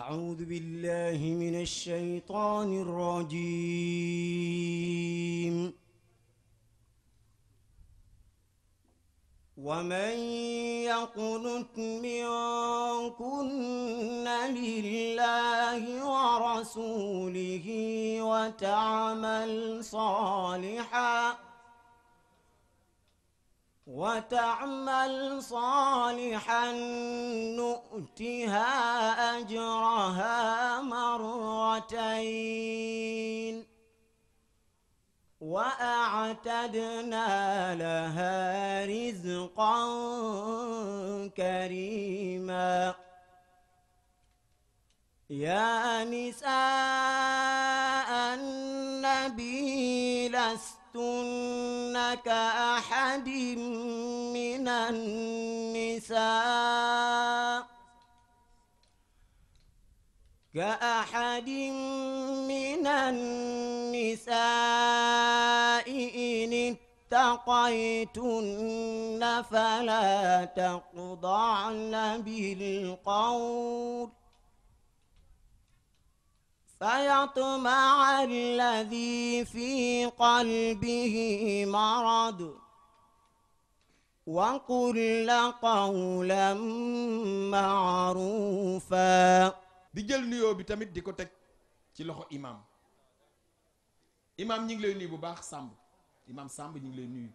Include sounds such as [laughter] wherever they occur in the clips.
أعوذ بالله من الشيطان الرجيم ومن يقنت منكن لله ورسوله وتعمل صالحاً وتعمل صالحا نؤتها أجرها مرتين وأعتدنا لها رزقا كريما يا نساء النبي لست لستن كأحد من النساء كأحد من النساء إن اتقيتن فلا تخضعن بالقول فيطمع الذي في قلبه مرض وقل قولا معروفا di jël nuyoo bi tamit di ko teg ci loxo imaam imaam ñi ngi lay nuyu bu baax sàmb imaam sàmb ñi ngi lay nuyu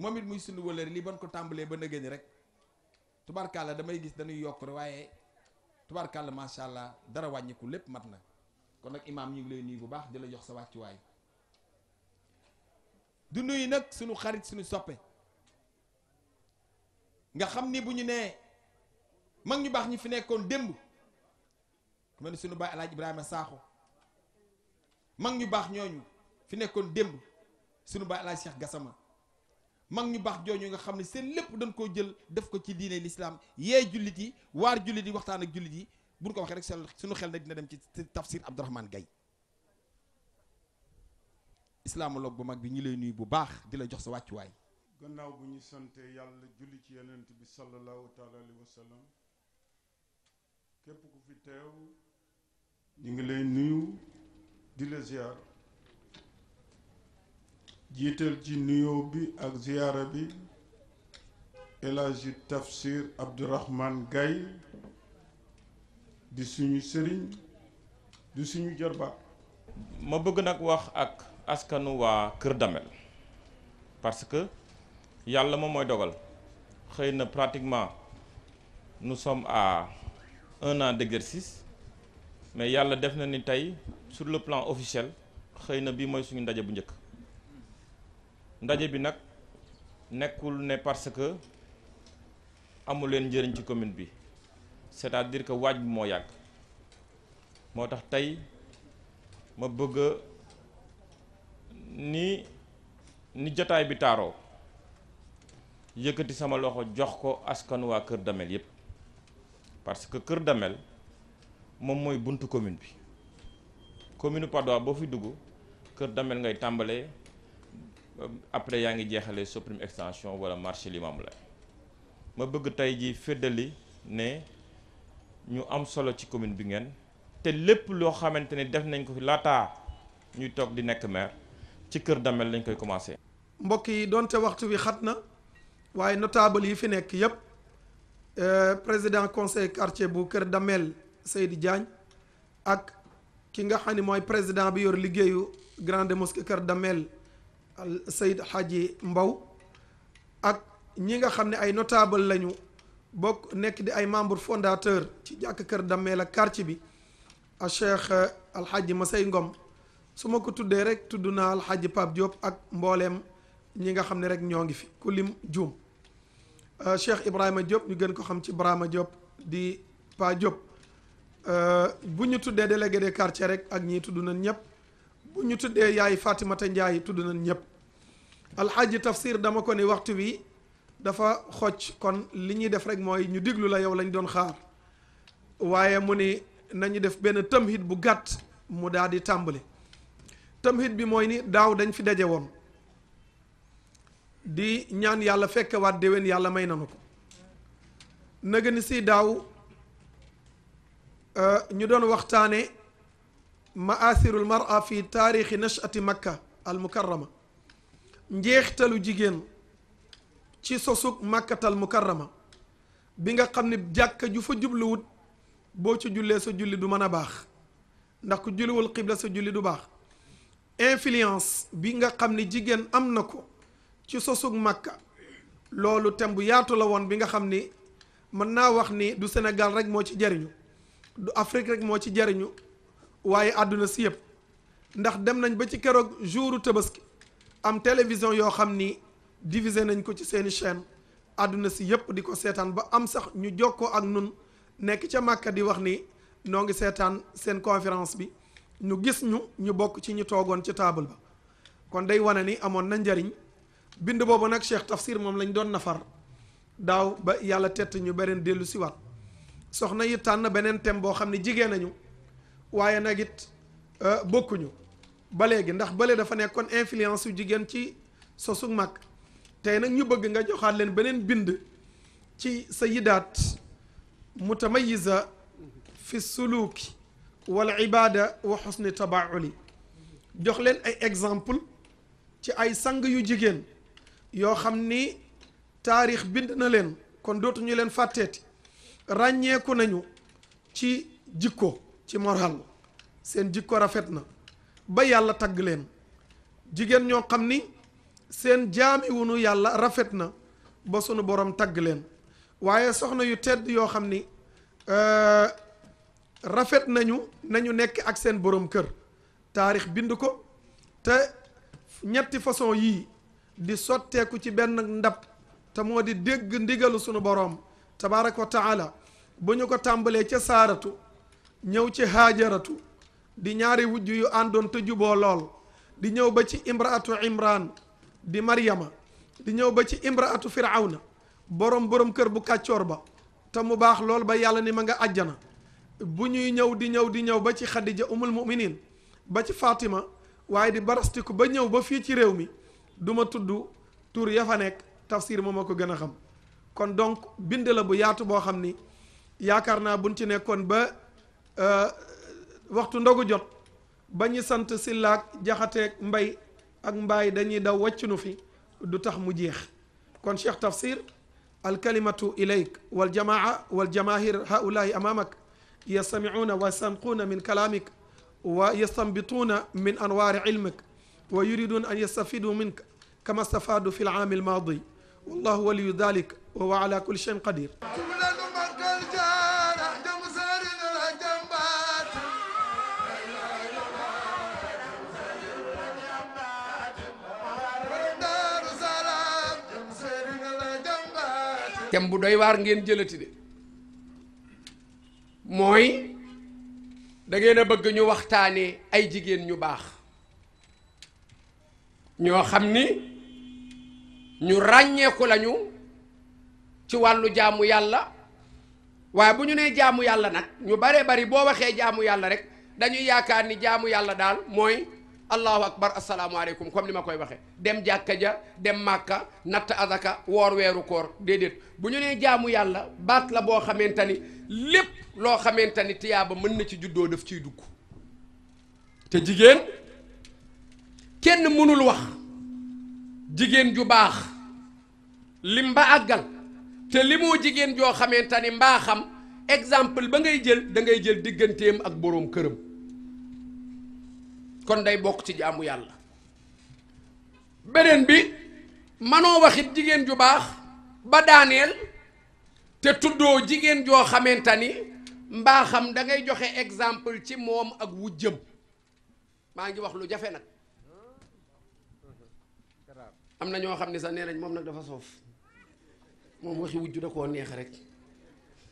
moom it muy sunu wëlëri li ban ko tàmbalee ba nëgë ni rek tubaarkàlla damay gis dañuy yokk waaye tubaarkàlla macha allah dara wàññiku lépp mat na kon nag imaam ñu ngi lay nuyu bu baax di la jox sa wàccuwaay du nuyu nag suñu xarit suñu soppe nga xam ni bu ñu nee mag ñu baax ñi fi nekkoon démb ku mel ni suñu baay alaaj Ibrahima mag ñu baax ñooñu fi nekkoon démb suñu baay alaaj Cheikh Gassama mag ñu baax jooñu nga xam ne seen lépp dañ koo jël def ko ci diine lislaam yee jullit yi waar jullit yi waxtaan ak jullit yi buñ ko waxee rek seen suñu xel na dina dem ci tafsir Abdourahmane Gaye islamologue bu mag bi ñu lay nuyu bu baax di la jox sa wàccuwaay gannaaw bu ñu sante yàlla julli ci yonent bi sallallahu taala alayhi wa sallam képp ku fi teew ñu ngi lay nuyu di la ziar jiital ci nuyoo bi ak ziyaara bi El Hadji Tafsir Abdourahmane di suñu sëriñ suñu jarbaat ma bëgg nag wax ak askanu waa Kër Damel parce que yàlla moom mooy dogal xëy na pratiquement nu some à un an d'exercice mais yàlla def na ni tey sur le plan officiel xëy na bii mooy suñu ndaje bu njëkk ndaje bi nag nekkul ne parce que amul leen njëriñ ci commune bi c'est-à-dire que waaj bi moo yàgg moo tax tey ma bëgg ni ni jotaay bi taaroo yëkkati sama loxo jox ko askan waa Kër Damel yépp parce que Kër Damel moom mooy buntu commune bi commune Patte boo fi dugg Kër Damel ngay tàmbalee euh, après yaa ngi jeexale Soprim extension wala marché Limamoulaye ma bëgg tey ji féddali ne ñu am solo ci commune bi ngeen te lépp loo xamante ni def nañ ko fi laata ñuy toog di nekk maire ci Kër Damel lañ koy commencé. mbokk yi donte waxtu wi xat na waaye notable yi fi nekk yépp euh, président conseil quartier bu Kër Damel Seydi Diagne ak ki nga xam ne mooy président bi yor liggéeyu grande mosquée Kër Damel Seyd xaji mbaw ak ñi nga xam ne ay notable lañu bokk nekk di ay membre fondateur ci jàkk kër dammee ak quartier bi a cheikh ma eh, Masay Ngom su ma ko tuddee rek tudd naa alxaaji Pape Diop ak mbooleem ñi nga xam ne rek ñoo ngi fi ku lim juum eh, cheikh Ibrahima Diop ñu gën ko xam ci Brahima Diop di Pa Diop eh, bu ñu tuddee délégué de quartier rek ak ñii tudd nañ ñëpp bu ñu tuddee yaay Fatimata Ndiaye tudd nañ ñëpp alxaaji Tafsir dama ko ni waxtu wi dafa xocc kon li ñuy def rek mooy ñu diglu la yow lañ doon xaar waaye mu ni nañu def benn tamhid bu gàtt mu daal di tàmbali tamhid bi mooy ni daaw dañ fi daje woon di ñaan yàlla fekkewaat déwén yàlla may nanu ko naga si daaw euh, ñu doon waxtaane maasirul mara fi taarixi nachati makka al mukarrama njeextalu jigéen ci sosug màkkatal mukarrama bi nga xam ne jàkka ju fa jubluwut boo ci jullee sa julli du mën a baax ndax ku julliwul xibla sa julli du baax influence bi nga xam ne jigéen am na ko ci sosug màkka loolu thème bu yaatu la woon bi nga xam ni mën naa wax ni du Sénégal rek moo ci jariñu du Afrique rek moo ci jariñu waaye àdduna si yëpp ndax dem nañ ba ci keroog jouru tabaski am télévision yoo xam ni divisé nañ ko ci seeni chaîne adduna si yëpp di ko seetaan ba am sax ñu jokkoo ak nun nekk ca Màkka di wax ni noo ngi seetaan seen conférence bi ñu gis ñu ñu bokk ci ñu toogoon ci taabal ba kon day wane ni amoon na njariñ bind boobu nag Cheikh Tafsir moom lañ doon nafar daaw ba yàlla tett ñu beneen dellu siwaat soxna yi tànn beneen thème boo xam ne jigéen nañu waaye nag it euh, bokkuñu ba léegi ndax bële dafa nekkoon influence yu jigéen ci sosu mag tey nag ñu bëgg nga joxaat leen beneen bind ci sayidaat mutamayiza fi suluuki wala ibaada wa xusni tabauli jox leen ay exemple ci ay sang yu jigéen yoo xam ni taarix bind na leen kon dootuñu leen fàtteeti ràññeeku nañu ci jikko ci moral seen jikko rafet na ba yàlla tàgg leen jigéen ñoo xam ni seen jaami wunu yàlla rafet na ba sunu borom tàgg leen waaye soxna yu tedd yoo xam ni euh, rafet nañu nañu nekk ak seen boroom kër taarix bind ko te ñetti façon yii di sotteeku ci benn ndab te moo di dégg ndigalu sunu borom tabaaraka wa taala bu ñu ko tàmbalee ca saaratu ñëw ci haajaratu di ñaari wujj yu àndoon te juboo lool di ñëw ba ci imraatu imran di maryama di ñëw ba ci imraatu na borom borom kër bu kàccoor ba te mu baax lool ba yàlla ni ma nga àjjana bu ñuy ñëw di ñëw di ñëw ba ci xadija umul muminin ba ci fatima waaye di barastiku ba ñëw ba fii ci réew mi du ma tudd tur ya fa nekk tafsir moo ma ko gën a xam kon donc bind la bu yaatu boo xam ni yaakaar naa buñ ci nekkoon ba euh, waxtu ndogu jot ba ñu sant sillaak jaxateeg mbay ak mbaay dañuy daw wàccunu fi du tax mu jeex kon cheikh tafsir alkalimatu ilayk waljamaa waljamahir haulahi amamak yastamicuuna wa yastanquuna min kalaamik wa yastanbituuna min anwaari cilmik wa yuriduuna an yastafiduu minka kama stafaadu fi laami almaadi wallahu waliyu dalik wa huwa ala kulli cheyin qadir tem bu doy waar ngeen jëlati de mooy da a bëgg ñu waxtaanee ay jigéen ñu baax ñoo xam ni ñu ràññeeku lañu ci wàllu jaamu yàlla waaye bu ñu nee jaamu yàlla nag ñu baree bari boo waxee jaamu yàlla rek dañuy yaakaar ni jaamu yàlla daal mooy allahu akbar asalaamaaleykum comme ni ma koy waxee dem jàkka ja dem màkka natt azaka woor weeru koor déedéet bu ñu nee jaamu yàlla baat la boo xamante ni lépp loo xamante ni tiyaaba mën na ci juddoo daf ciy dugg te jigéen kenn mënul wax jigéen ju baax li mba àggal te li moo jigéen joo xamante ni mbaaxam exemple ba ngay jël dangay jël digganteem ak boroom këram kon day bokk ci jaamu yàlla beneen bi manoo waxit jigéen ju baax ba daaneel te tuddoo jigéen joo xamante ni mbaaxam dangay joxe exemple ci moom ak wujjëm maa ngi wax lu jafe nag am na ñoo xam ne sax nee nañ moom nag dafa soof moom waxi wujju da koo neex rek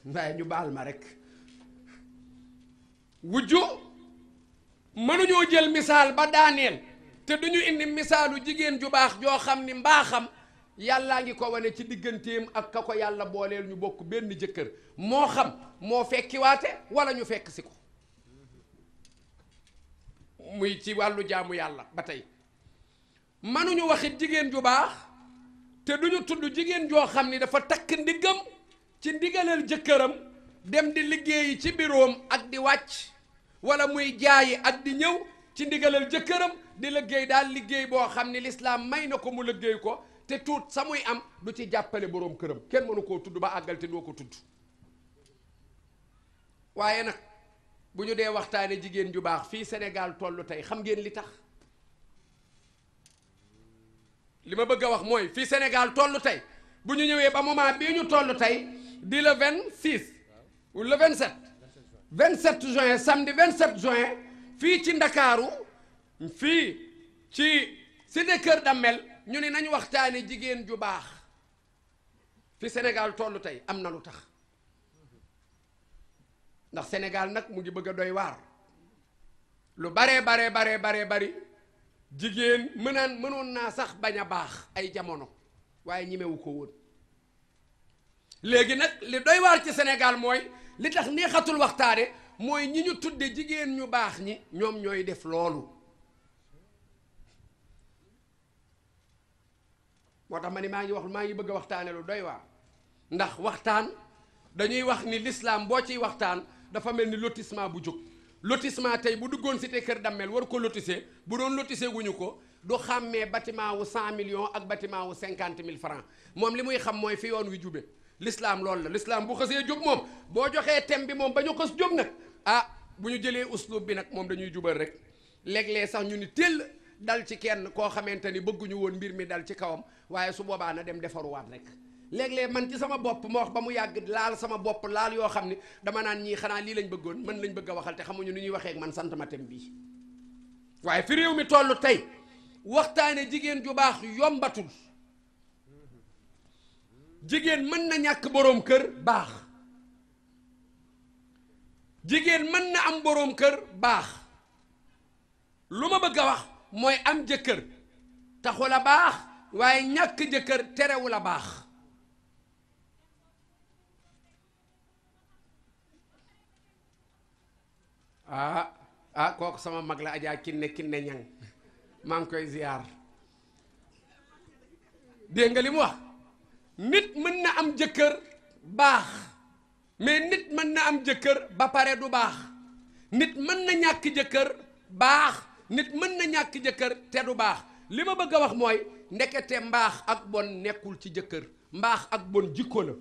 waaye ñu baal ma rek wujju mënuñoo jël misaal ba daaneel te duñu indi misaalu jigéen ju baax joo xam ni mbaaxam yàllaa ngi ko wane ci digganteem ak ka ko yàlla booleel ñu bokk benn jëkkër moo xam moo fekkiwaate wala ñu fekk si ko muy ci wàllu jaamu yàlla ba tey mënuñu waxit jigéen ju baax te duñu tudd jigéen joo xam ni dafa takk ndiggam ci ndigalal jëkkëram dem di liggéeyi ci biroom ak di wàcc wala muy jaayi ak di ñëw ci ndigalal jëkkëram di liggéey daal liggéey boo xam ne lislaam may na ko mu liggéey ko te tuut samuy am du ci jàppale boroom këram kenn mënu koo tudd ba àggal te doo ko tudd waaye nag bu ñu dee waxtaane jigéen ju baax fii Sénégal tollu tey xam ngeen li tax li ma bëgg a wax mooy fii Sénégal tollu tey bu ñu ñëwee ba moment bii ñu tollu tey di le vingt six ou le 27 juin samedi 27 juin fii ci ndakaaru fii ci cité Kër Damel ñu ne nañu waxtaane jigéen ju baax fi Sénégal tollu tey am na lu tax ndax Sénégal nag mu ngi bëgg a doy waar lu baree baree baree baree bari jigéen mënaan mënoon naa sax bañ a baax ay jamono waaye ñimewu ko woon léegi nag li doy waar ci Sénégal mooy li tax neexatul waxtaane mooy ñi ñu tudde jigéen ñu baax ñi ñoom ñooy def loolu moo tax ma ni maa ngi wax maa ngi bëgg a waxtaane lu doy waa ndax waxtaan dañuy wax ni l'islam boo ciy waxtaan dafa mel ni lotissement bu jóg lotissement tey bu duggoon cité kër dammel war ko lotissé bu doon lotissé wuñu ko du xàmmee bâtiment wu cent millions ak bâtiment wu cinquante mille francs moom li muy xam mooy fi yoon wi jube lislaam loolu la lislaam bu xësee jóg moom boo joxee thème bi moom ba ñu xës jóg nag ah bu ñu jëlee uslub bi nag moom dañuy jubal rek leglee sax ñu ni teel dal ci kenn koo xamante ni bëgguñu woon mbir mi dal ci kawam waaye su boobaa na dem defaruwaat rek leglee man ci sama bopp ma wax ba mu yàgg laal sama bopp laal yoo xam ni dama naan ñii xanaa lii lañ bëggoon mën lañ bëgg a waxal te xamuñu ni ñuy waxee ak man sant ma tem bii waaye fi réew mi toll tey waxtaane jigéen ju baax yombatul jigéen mën na ñàkk boroom kër baax jigéen mën na am boroom kër baax lu ma bëgg a wax mooy am jëkkër taxu la baax waaye ñàkk jëkkër terewu la baax ah ah kooku sama mag la ajaa kinne kinne ñang maa ngi koy ziyaar dégg nga wax nit mën na am jëkkër baax mais nit mën na am jëkkër ba pare du baax nit mën na ñàkk jëkkër baax nit mën na ñàkk jëkkër te du baax li ma bëgg a wax mooy ndekete mbaax ak bon nekkul ci jëkkër mbaax ak bon jikko la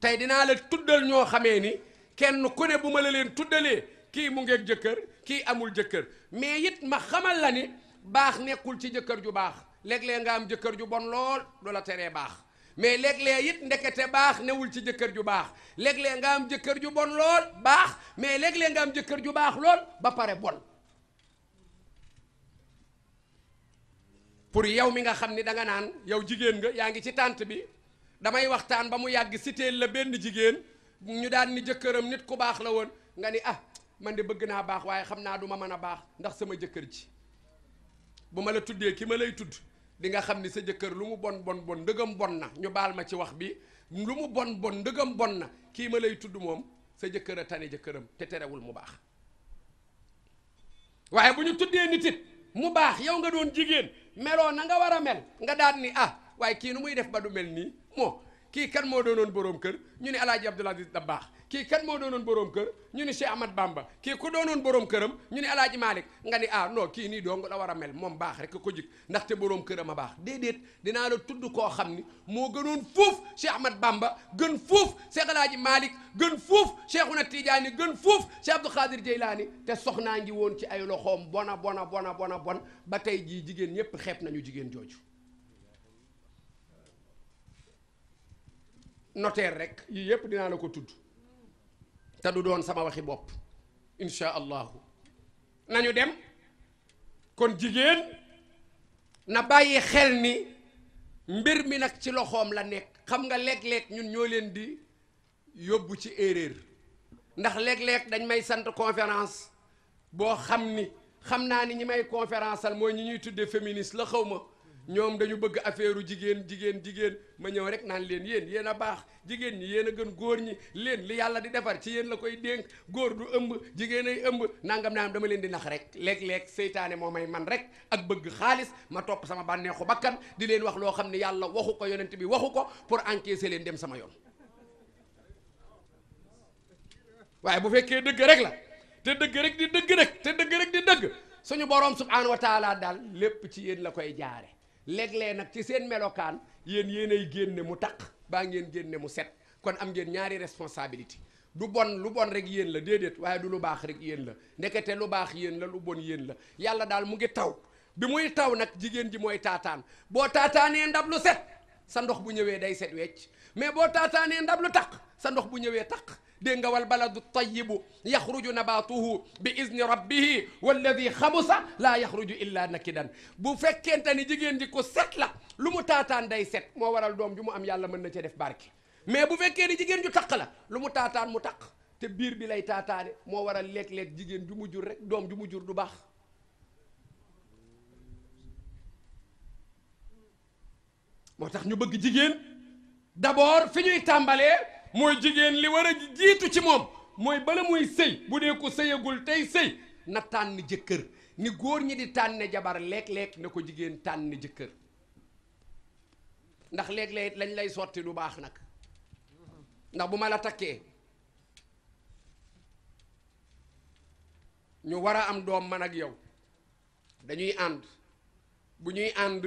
tey dinaa la tuddal ñoo xamee ni kenn ku ne bu ma la leen tuddalee kii mu ngeeg jëkkër kii amul jëkkër mais it ma xamal la ni baax nekkul ci jëkkër ju baax léeg nga am jëkkër ju bon lool du la teree baax mais léeg it ndekete baax newul ci jëkkër ju baax léeg nga am jëkkër ju bon lool baax mais léeg nga am jëkkër ju baax lool ba pare bon pour yow mi nga xam ni danga naan yow jigéen nga yaa ngi ci tànt bi damay waxtaan ba mu yàgg siteel la benn jigéen ñu daan ni jëkkëram nit ku baax la woon nga ni ah man de bëgg naa baax waaye xam naa du ma mën a baax ndax sama jëkkër ji bu ma la tuddee ki ma lay tudd di nga xam ni sa jëkkër lu mu bon bon bon ndëgam bon na ñu baal ma ci wax bi lu mu bon bon ndëgam bon na kii ma lay tudd moom sa jëkkër a tane jëkkëram te terewul mu baax waaye bu ñu tuddee nit it mu baax yow nga doon jigéen meloo na nga war a mel nga daan ni ah waaye kii nu muy def ba du mel nii moo kii kan moo doonoon boroom kër ñu ne alaaji Abdoul Aziz Dabakh kii kan moo doonoon boroom kër ñu ne Cheikh Ahmad bàmba kii ko doonoon boroom këram ñu ne alaaji Malick nga ni ah non kii nii dong la war a mel moom baax rek ko jik ndaxte boroom këram a baax déedéet dinaa la tudd koo xam ni moo gënoon fuuf Cheikh Ahmad bàmba gën fuuf Cheikh alaaji Malick gën fuuf Cheikhuna Tidiane gën fuuf Cheikh Abdou Khadir Jeylaani te soxnaa ngi woon ci ay loxoom bona bona bona bona bon ba tey jii jigéen ñëpp xeeb nañu jigéen jooju notaire rek yii yëpp dinaa la ko tudd te du doon sama waxi bopp insha allahu nañu dem kon jigéen na bàyyi xel ni mbir mi nag ci loxoom la nekk xam nga léeg-léeg ñun ñoo leen di yóbbu ci erreur ndax léeg-léeg dañ may sant conférence boo xam ni xam naa ni ñi may conférence al mooy ñi ñuy tuddee féministe la xaw ma ñoom dañu bëgg afeeru jigéen jigéen jigéen ma ñëw rek naan leen yéen yéen a baax jigéen ñi yéen a gën góor ñi leen li yàlla di defar ci yéen la koy dénk góor du ëmb jigéen ay ëmb nangam naam dama leen di nax rek léeg-léeg seytaane moo may man rek ak bëgg xaalis ma topp sama bànneexu bakkan di leen wax loo xam ne yàlla waxu ko yonent bi waxu ko pour encaisser leen dem sama yoon waaye bu fekkee dëgg rek la te dëgg rek di dëgg rek te dëgg rek di dëgg suñu boroom subhaanahu wa daal lépp ci yéen la koy jaare léeg nag ci seen melokaan yéen ay génne mu taq baa ngeen génne mu set kon am ngeen ñaari responsabilité du bon lu bon rek yéen la déedéet waaye du lu baax rek yéen la ndekete lu baax yéen la lu bon yéen la yàlla daal mu ngi taw bi muy taw nag jigéen ji mooy taataan boo taataanee ndab lu set sa ndox bu ñëwee day set wecc mais boo taataanee ndab lu taq sa ndox bu ñëwee taq dégg nga wal baladu tayibu yaxruju nabaatuhu bi izni rabbihi walladi xabusa laa yaxruju illa nakidan bu fekkente ni jigéen ji ko set la lu mu taataan day set moo waral doom ju mu am yàlla mën na ci def barke mais bu fekkee ni jigéen ju taq la lu mu taataan mu taq te biir bi lay taataane moo waral léeg-léeg jigéen ju mu jur doom ju mu jur du baax moo tax ñu bëgg jigéen d'abord fi ñuy tàmbalee mooy jigéen li war a jiitu ci moom mooy bala muy sëy bu dee ko sëyagul tey sëy na tànn jëkkër ni góor ñi di tànne jabar léeg-léeg na ko jigéen tànn jëkkër ndax léeg lañ lay sotti du baax nag ndax bu ma la takkee ñu war a am doom man ak yow dañuy ànd bu ñuy ànd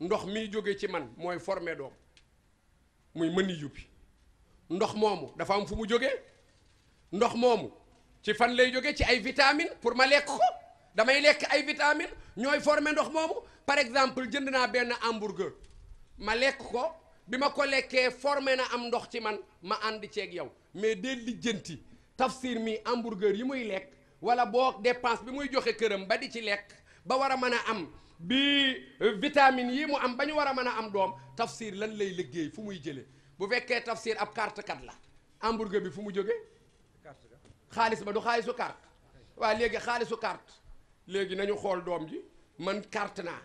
ndox miy jóge ci man mooy forme doom muy mën mëni yubbi ndox moomu dafa am fu mu jógee ndox moomu ci fan lay jóge ci ay vitamine pour ma lekk ko damay lekk ay vitamine ñooy former ndox moomu par exemple jënd naa benn hamburger ma lekk ko bi ma ko lekkee formé na am ndox ci man ma ànd ceeg yow mais dee lijjanti tafsir mi hamburger yi muy lekk wala boo depense bi muy joxe këram ba di ci lekk ba war a mën a am bi vitamine yii mu am ba ñu war a mën a am doom tafsir lan lay liggéey fu muy jëlee bu fekkee tafsir ab carte kat la hamburger bi fu mu jógee xaalis ba du xaalisu carte waa léegi xaalisu carte léegi nañu xool doom ji man carte naa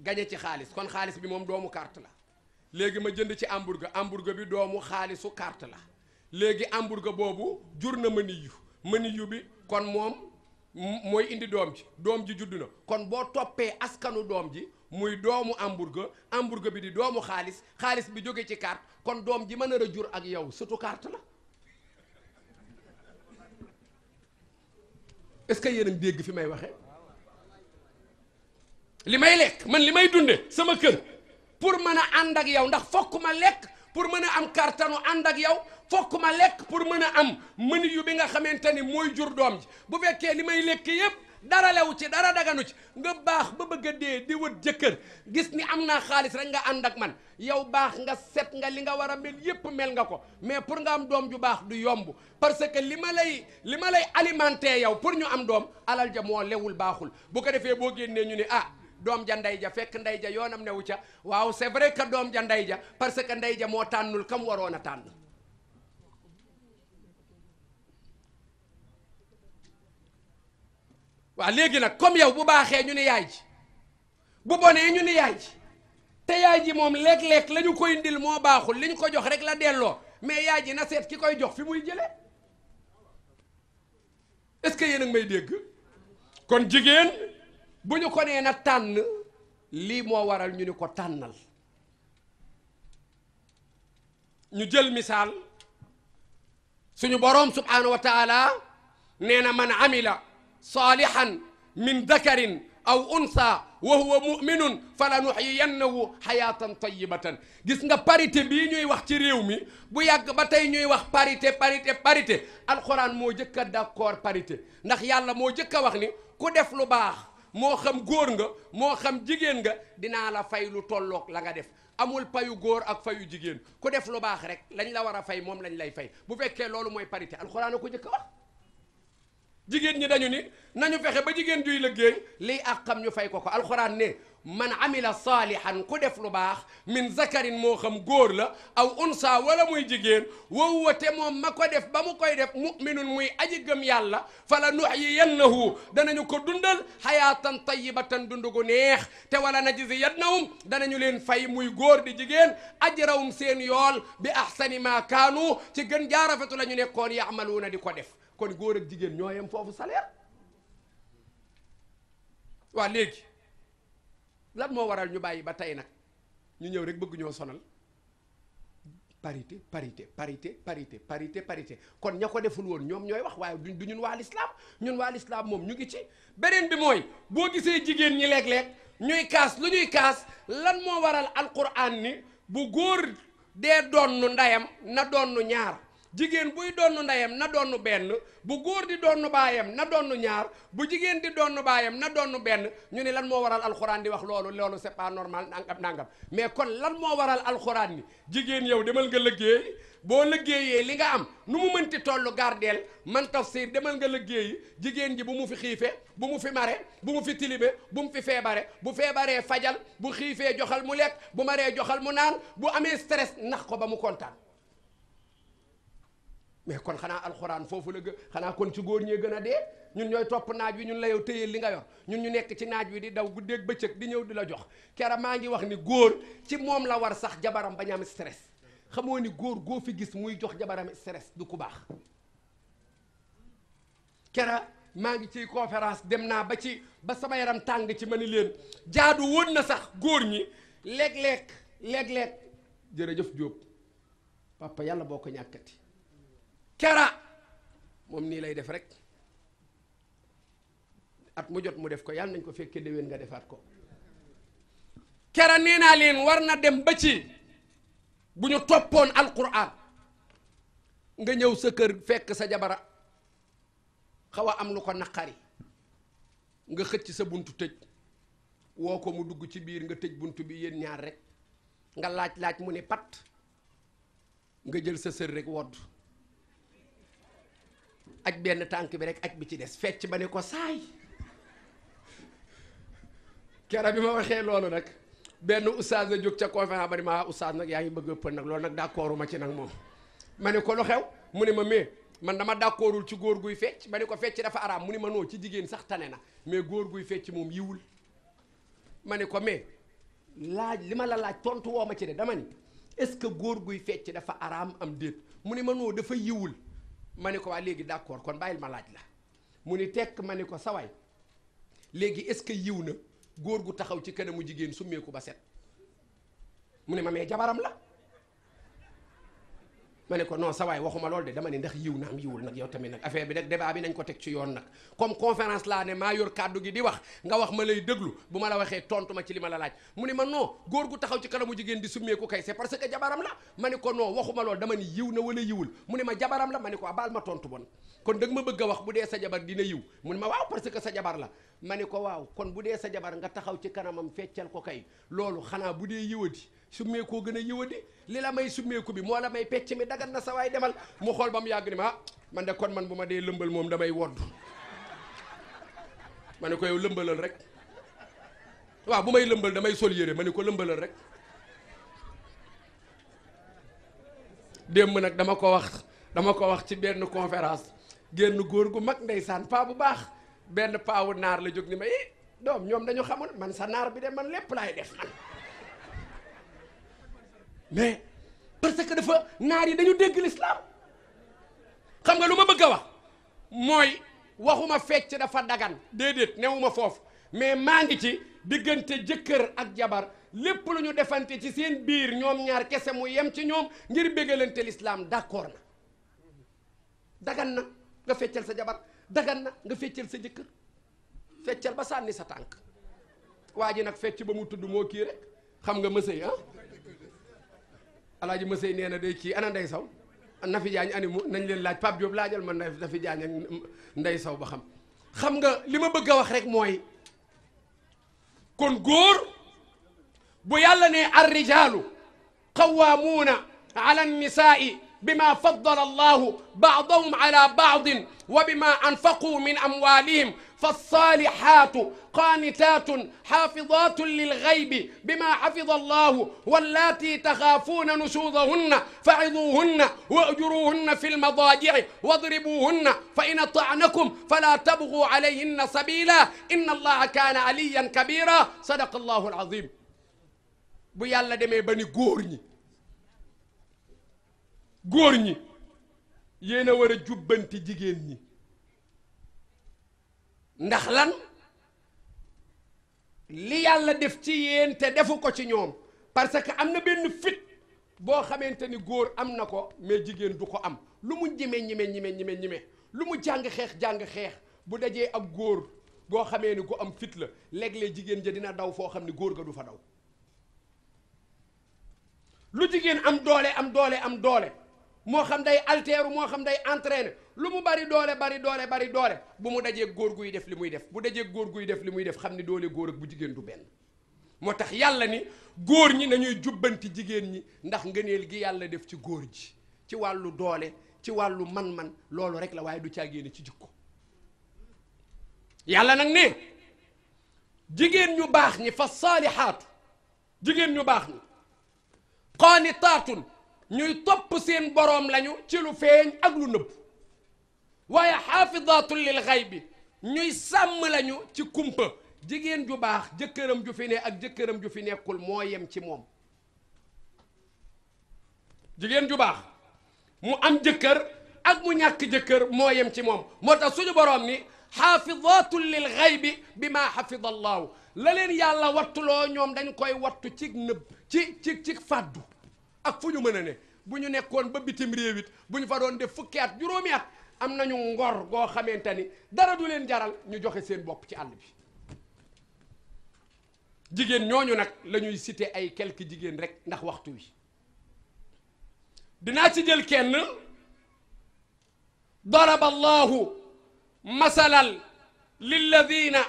gañe ci xaalis kon xaalis bi moom doomu carte la léegi ma jënd ci emburge hamburger bi doomu xaalisu carte la léegi hamburger boobu jur na mëniyu mëniyu bi kon moom mooy indi doom ji doom ji juddu na kon boo toppee askanu doom ji muy doomu hamburger hamburger bi di doomu xaalis xaalis bi jóge ci carte kon doom ji mën a jur ak yow surtout carte la est-ce que yéen a dégg fi may waxee li may lekk man li may dunde sama kër pour mën a ànd ak yow ndax fokk ma lekk pour mën a am kartanu ànd ak yow fokk ma lekk pour mën a am menu bi nga xamante ni mooy jur doom ji bu fekkee li may lekk yépp dara lewu ci dara daganu ci nga baax ba bëgg dee di jëkkër gis ni am na xaalis rek nga ànd ak man yow baax nga set nga li nga war a mel yépp mel nga ko mais pour nga am doom ju baax du yomb parce que li ma lay li ma lay alimenter yow pour ñu am doom alal ja moo lewul baaxul bu ko defee boo génnee ñu ni ah doom ja ndey ja fekk ndey ja yoonam newu ca waaw c'est vrai que doom ja ndey ja parce que ndey ja moo tànnul kam waroon a tànn waaw léegi nag comme yow bu baaxee ñu ni yaay ji bu bonee ñu ni yaay ji te yaay ji moom léeg-léeg la ñu koy ndil moo baaxul li ñu ko jox rek la delloo mais yaay ji na seet ki koy jox fi muy jëlee est-ce que yéen a may dégg kon jigéen bu ñu ko neena tànn lii moo waral ñu ni ko tànnal ñu jël misaal suñu boroom subhaanahu wa taala nee na man amila aw صالحا من ذكر أو أنثى وهو مؤمن فلنحيينه حياة طيبة gis nga parité bii ñuy wax ci réew mi bu yàgg ba tey ñuy wax parité parité parité alxuraan moo jëkk a d'accord parité ndax yàlla moo jëkk a wax ni ku def lu baax moo xam góor nga moo xam jigéen nga dinaa la fay lu tolloog la nga def amul payu góor ak fayu jigéen ku def lu baax rek lañ la war a fay moom lañ lay fay bu fekkee loolu mooy parité alxuraan a ko jëkk a jigéen ñi dañu ni nañu fexe ba jigéen juy liggéey liy ak xam ñu fay ko ko alxuraan ne man amila saalihan ku def lu baax min zakarin moo xam góor la aw unsa wala muy jigéen wowwa te moom ma ko def ba mu koy def muminun muy aji gëm yàlla fala nuhyiyannahu danañu ko dundal xayaatan tayibatan dund gu neex te wala najziyannahum danañu leen fay muy góor di jigéen ajrawum seen yool bi ahsani ma kaanu ci gën jaarafetu la ñu nekkoon yamaluuna di ko def kon góor ak jigéen ñoo yem foofu salaire waa léegi lan moo waral ñu bàyyi ba tey nag ñu ñëw rek bëgguñoo ñoo sonal parité parité parité parité parité parité kon ña ko deful woon ñoom ñooy wax waaye du ñun waa lislaam ñun waa lislaam moom ñu ngi ci beneen bi mooy boo gisee jigéen ñi léeg-léeg ñuy kaas lu ñuy kaas lan moo waral alquran ni bu góor dee nu ndeyam na doon nu ñaar jigéen buy donnu ndeyam na donn benn bu góor di donn baayam na donn ñaar bu jigéen di donn baayam na donn benn ñu ne lan moo waral alxuraan di wax loolu loolu c'est pas normal nangam nangam mais kon lan moo waral alxuraan ni jigéen yow demal nga liggéey boo liggéeyee li nga am nu mu mënti tollu gardeel man tafsir demal nga liggéeyi jigéen ji bu mu fi xiifee bu mu fi mare bu mu fi tilibe bu mu fi feebaree bu feebaree fajal bu xiifee joxal mu lekk bu maree joxal mu naan bu amee stress nax ko ba mu kontaan mais kon xanaa alxuraan foofu la gë xanaa kon ci góor ñee gën a dee ñun ñooy topp naaj wi ñun la yow téyeel li nga yor ñun ñu nekk ci naaj wi di daw guddeeg bëccëg di ñëw di la jox kera maa ngi wax ni góor ci moom la war sax jabaram bañ am stress xamoo ni góor goo fi gis muy jox jabaram stress du ku baax kera maa ngi ci conférence dem naa ba ci ba sama yaram tàng ci ma ni leen jaadu woon na sax góor ñi léeg-léeg léeg-léeg jërëjëf Diop papa yàlla boo ko ñàkkati kera moom nii lay def rek at mu jot mu def ko yàlla nañ ko fekkee déwén nga defaat ko kera nee naa leen war na dem ba ci bu ñu toppoon alquran nga ñëw sa kër fekk sa jabara xaw a am lu ko naqari nga xëcc sa buntu tëj woo ko mu dugg ci biir nga tëj buntu bi yéen ñaar rek nga laaj laaj mu ne pat nga jël sa sër rek wodd aj benn tànk bi rek aj bi ci des fecc ba ne ko saay kera bi ma waxee loolu nag benn oustaz la jóg ca conférence ba ni ma ah, yaa ngi bëgg ëppal nag loolu nag d'accordu ma ci nag moom ma ne ko lu mu ne ma mais man dama d'accordul ci góor guy fecc ma ne ko fecc dafa araam mu ne ma noo ci jigéen sax tane na mais góor guy fecc moom yiwul ma ne ko mais laaj li ma la laaj tontu woo ma ci de dama est-ce que góor guy fecc dafa araam am déet mu ne ma noo dafa yiwul ma ne ko waa léegi d'accord kon bàyyil ma laaj la mu ni tekk ma ni ko sawaay léegi est-ce que yiw na góor gu taxaw ci kanamu jigéen summeeku ba set mu ne ma mee jabaram la ma ne ko non sa waay waxuma loolu de dama ne ndax yiw na am yiwul nag yow tamit nag affaire bi nag débat bi nañ ko teg ci yoon nag comme conférence laa ne maa yor kàddu gi di wax nga wax ma lay déglu bu ma la waxee tontu ma ci li ma la laaj mu ne ma non góor gu taxaw ci kanamu jigéen di summeeku kay parce que jabaram la ma ne ko non waxuma loolu dama ne yiw na wala yiwul mu ne ma jabaram la ma ne ko ah, baal ma tontu bon kon dëgg ma bëgg a bu dee sa jabar dina yiw mu ne ma waaw sa jabar ma ne ko waaw kon bu dee sa jabar nga taxaw ci kanamam feccal ko kay loolu xanaa bu dee yiwadi summeekoo gën a yëwadi li la may summeeku bi moo la may pecc mi dagan na sa waay demal mu xool ba mu yàgg ni ma ah man de kon man bu ma dee lëmbal moom damay wodd ma ne ko yow lëmbalal rek waaw bu may lëmbal damay sol yére ma ne ko lëmbalal rek démb nag dama ko wax dama ko wax ci benn conférence génn góor gu mag ndeysaan paa bu baax benn paawu naar la jóg ni ma eh doom ñoom dañu xamul man sa naar bi de man lépp laay def man mais parce que dafa naar yi dañu dégg l'islam xam nga lu ma bëgg a wax mooy waxuma fecc dafa dagan déedéet newuma foofu mais maa ngi ci diggante jëkkër ak jabar lépp lu ñu defante ci seen biir ñoom ñaar kese mu yem ci ñoom ngir bégalante l'islam d'accord na dagan na nga feccal sa jabar dagan na nga feccal sa jëkkër feccal ba sànni sa tànk waa ji nag fecc ba mu tudd moo kii rek xam nga ma ah alaaji Masey nee na day kii ana Ndey Saw Nafi Jaañ ani mu nañ leen laaj Pape Diop laajal ma Nafi Jaañ ak Ndey Saw ba xam xam nga li ma bëgg a wax rek mooy kon góor bu yàlla nee ar rijaalu qawwaamuuna ala nisaa'i بما فضل الله بعضهم على بعض وبما أنفقوا من أموالهم فالصالحات قانتات حافظات للغيب بما حفظ الله واللاتي تخافون نشوذهن فعظوهن واهجروهن في المضاجع واضربوهن فإن طعنكم فلا تبغوا عليهن سبيلا إن الله كان عليا كبيرا صدق الله العظيم bu yàlla demee ba ni góor ñi góor ñi yéen a war a jubbanti jigéen ñi ndax lan li yàlla def ci yéen te defu ko ci ñoom parce que am na benn fit boo xamante ni góor am na ko mais jigéen du ko am lu mu ñime ñime ñime ñime ñime lu mu jàng xeex jàng xeex bu dajee ab góor boo xamee ni ku am fit la léeg jigéen ja dina daw foo xam ni góor ga du fa daw lu jigéen am doole am doole am doole moo xam day altéeru moo xam day entraîner lu mu bari doole bari doole bari doole bu mu dajee góor guy def li muy def bu dajee góor guy def li muy def xam ni doole góor ak bu jigéen du benn moo tax yàlla ni góor ñi nañuy jubbanti jigéen ñi ndax ngëneel gi yàlla def ci góor ji ci wàllu doole ci wàllu man-man loolu rek la waaye du caa génne ci jikko yàlla nag ne jigéen ñu baax ñi fa saalihaatu jigéen ñu baax ni qaanitaatun ñuy topp seen boroom lañu ci lu feeñ ak lu nëbb waaye xaafidaatu lil xaybi ñuy sàmm lañu ci kumpa jigéen ju baax jëkkëram ju fi ne ak jëkkëram ju fi nekkul moo yem ci moom jigéen ju baax mu am jëkkër ak mu ñàkk jëkkër moo yem ci moom moo tax suñu boroom ni xaafidaatu lil xaybi bi maa xafida allaahu la leen yàlla wattuloo ñoom dañu koy wattu ci nëbb ci ci ci ak fu ñu mën ne bu ñu nekkoon ba bitim réew it bu ñu fa doon def fukki at juróomi at am nañu ngor goo xamante ni dara du leen jaral ñu joxe seen bopp ci àll bi jigéen ñooñu nag la ñuy cité ay quelques jigéen rek ndax waxtu wi dinaa ci jël kenn daraba allahu masalan lilladina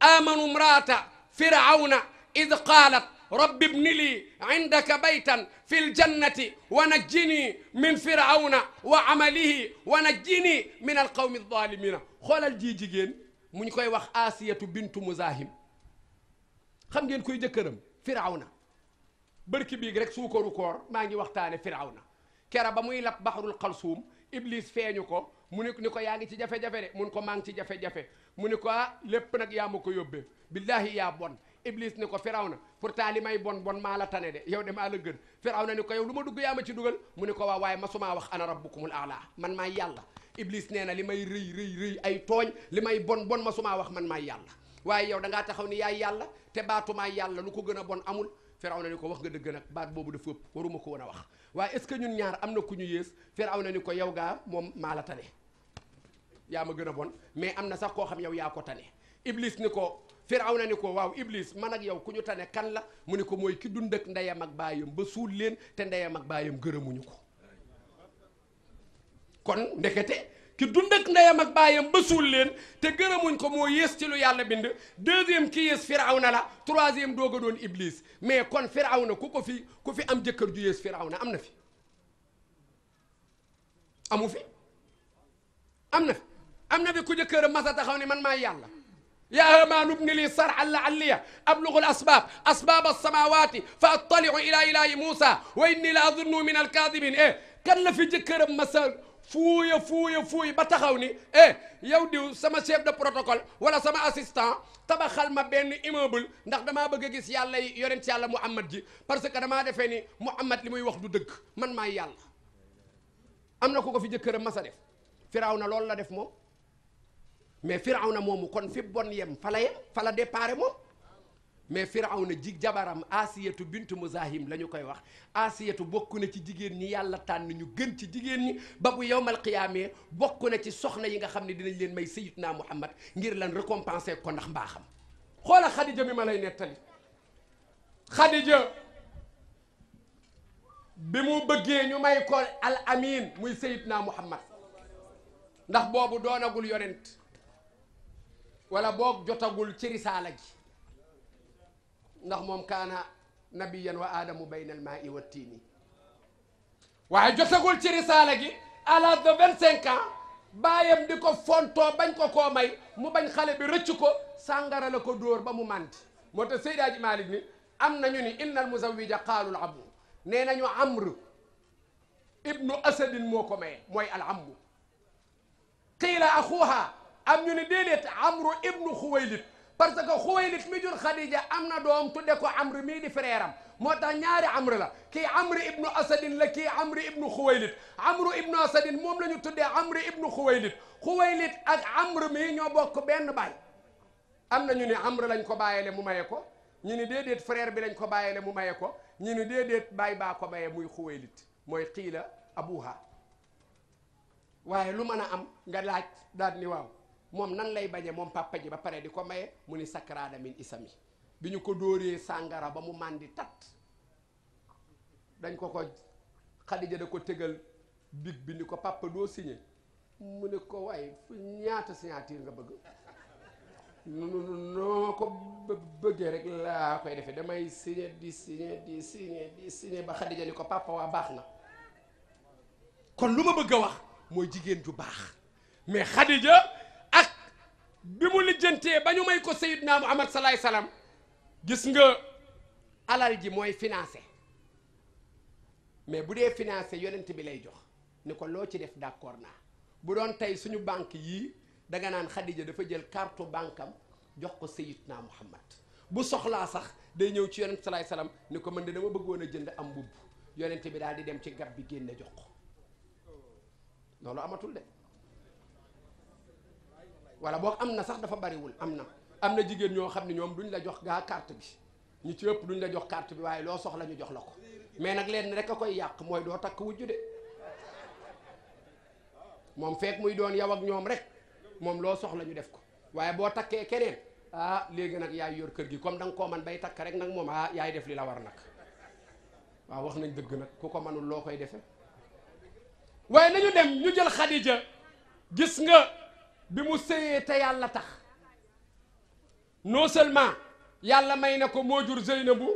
amanu imraata firawna id qaalat rabbi bni lii indaka baytan fi ljannati wa najjini min firawna wa amalihi wa najjini min alqawmi alzalimina xoolal ji jigéen mu ñu koy wax asiyatu bintu muzahim xam ngeen koy jëkkëram firawna bërki biig rek suukaru koor maa ngi waxtaane firawna kera ba muy lab baxarul xalsuum iblis feeñu ko mu ne ni ko yaa ngi ci jafe-jafe de mun ko maa ngi ci jafe-jafe mu ne ko ah lépp nag yaa ma ko yóbbee billaahi yaa bon iblis ni ko na pour pourtant li may bon bon maa la tane de yow de maa la gën firawna ni ko yow lu ma dugg yaa ma ci dugal mu ni ko waaw waaye masumaa wax ana rabbukumul aala man maa yàlla iblis nee na li may rëy rëy rëy ay tooñ li may bon bon ma sumaa wax man maa yàlla waaye yow dangaa taxaw ni yaay yàlla te baatumaa yàlla lu ko gën a bon amul firawna ni ko wax nga dëgg nag baat boobu dafa ëpp waruma ko woon a wax waaye est-ce que ñun ñaar am na ku ñu yées firawna ni ko yow gaa moom maa la tane yaa ma gën a bon mais am na sax koo xam yow yaa ko tane iblis ni ko Firawna ni ko waaw Iblis man ak yow ku ñu tane kan la mu ni ko mooy ki dund ndeyam ak baayam ba suul leen te ndeyam ak baayam gërëmuñu ko kon ndekete ki dund ak ndeyam ak baayam ba suul leen te gërëmuñ ko moo yées ci lu yàlla bind deuxième ki yées Firawna la troisième doog a doon Iblis mais kon Firawna ku ko fi ku fi am jëkkër ju yées Firawna am na fi amu fi am na am na fi ku jëkkër a masa taxaw ni man maay yàlla يا هامان ابن لي صرحا لعلي ابلغ الاسباب اسباب السماوات فاطلع الى اله موسى واني لاظن من الكاذبين ايه كان لا في جكرم مسال fuuya fuuya fuuy ba taxaw ni eh yow diw sama chef de protocole wala sama assistant tabaxal ma benn immeuble ndax damaa bëgg a gis yàlla yi yonent yàlla Muhammad ji parce que damaa defee ni Muhammad li muy wax du dëgg man maay yàlla am na ku ko fi jëkkëram mas a def firaaw na loolu la def moom mais na moomu kon fi bon yem fa la yem fa la déparé moom mais Firawna ji jabaram Asiyatu bintu Muzahim la ñu koy wax Asiyatu bokk na ci jigéen ñi yàlla tànn ñu gën ci jigéen ñi ba bu yowmal qiyaamee bokk na ci soxna yi nga xam ne dinañ leen may Sayyidna Muhammad ngir lan récompenser ko ndax mbaaxam xoola Xadija mi ma lay nettali Xadija bi mu bëggee ñu may ko al amin muy Sayyidna Muhammad ndax boobu doonagul yonent wala boog jotagul ci risaala gi ndax moom kaana nabiyan wa aadamu bayna al maai wa tiini waaye jotagul ci risaala gi à l'âge de vingt ko fontoo bañ ko koo mu bañ xale bi rëcc ko sàngara ko dóor ba mu mànti moo tax Seydi Hadji ni am nañu ni inna al muzawija qaalul amru nee nañu amr ibnu asadin moo ko maye mooy al amru qiila am ñu ne déedéet amru ibnu xuwaylit parce que xuwaylit mi jur xadija am na doom tudde ko amru mii di frère am moo tax ñaari amru la kii amru ibnu asadin la kii amru ibnu xuwaylit amru ibnu asadin moom la ñu tuddee amru ibnu xuwaylit xuwaylit ak amru mii ñoo bokk benn baay am na ñu ne amru lañ ko bàyyele mu maye ko ñu ni déedéet frère bi lañ ko bàyyele mu maye ko ñu ni déedéet baay baa ko maye muy xuwaylit mooy xiila abuha waaye lu mën a am ga laaj daal ni waaw moom nan lay bañee moom papa ji ba pare di ko maye mu ni sakaraada min isami bi ñu ko dóoree sàngara ba mu màndi tat dañ ko ko Xadija da ko tegal big bi ni ko papa doo signé mu ne ko waaye fu ñaata signature nga bëgg noo ko bëggee rek laa koy defe damay signé di signé di signé di signé ba Xadija ni ko papa waa baax na kon lu ma bëgg a wax mooy jigéen ju baax mais Xadija bi mu lijjantee ba ñu may ko Seydina Muhammad salaay salaam gis nga alal ji mooy finance mais bu dee financé yonent bi lay jox ni ko loo ci def d'accord naa bu doon tey suñu banque yii danga naan Khadija dafa jël carte banque am jox ko Seydina Muhammad bu soxlaa sax day ñëw ci yonent salaay salaam ni ko mën de dama bëggoon a jënd am mbubb yonent bi daal di dem ci gab bi génne jox ko loolu amatul de wala boog am na sax dafa bariwul am na am na jigéen ñoo xam ne ñoom duñ la jox gaa carte bi ñi ci ëpp duñ la jox carte bi waaye loo soxla ñu jox la ko mais nag leen rek a koy yàq mooy doo takk wujju de moom fekk muy doon yow ak ñoom rek moom loo soxla ñu def ko waaye boo takkee keneen ah léegi nag yaay yor kër gi comme da nga koo man bay takk rek nag moom ah yaay def li la war nag waaw wax nañ dëgg nag ku ko mënul loo koy defe waaye nañu dem ñu jël Xadija gis nga bi mu sëyee te yàlla tax non seulement yàlla may na ko moo jur Zeynabu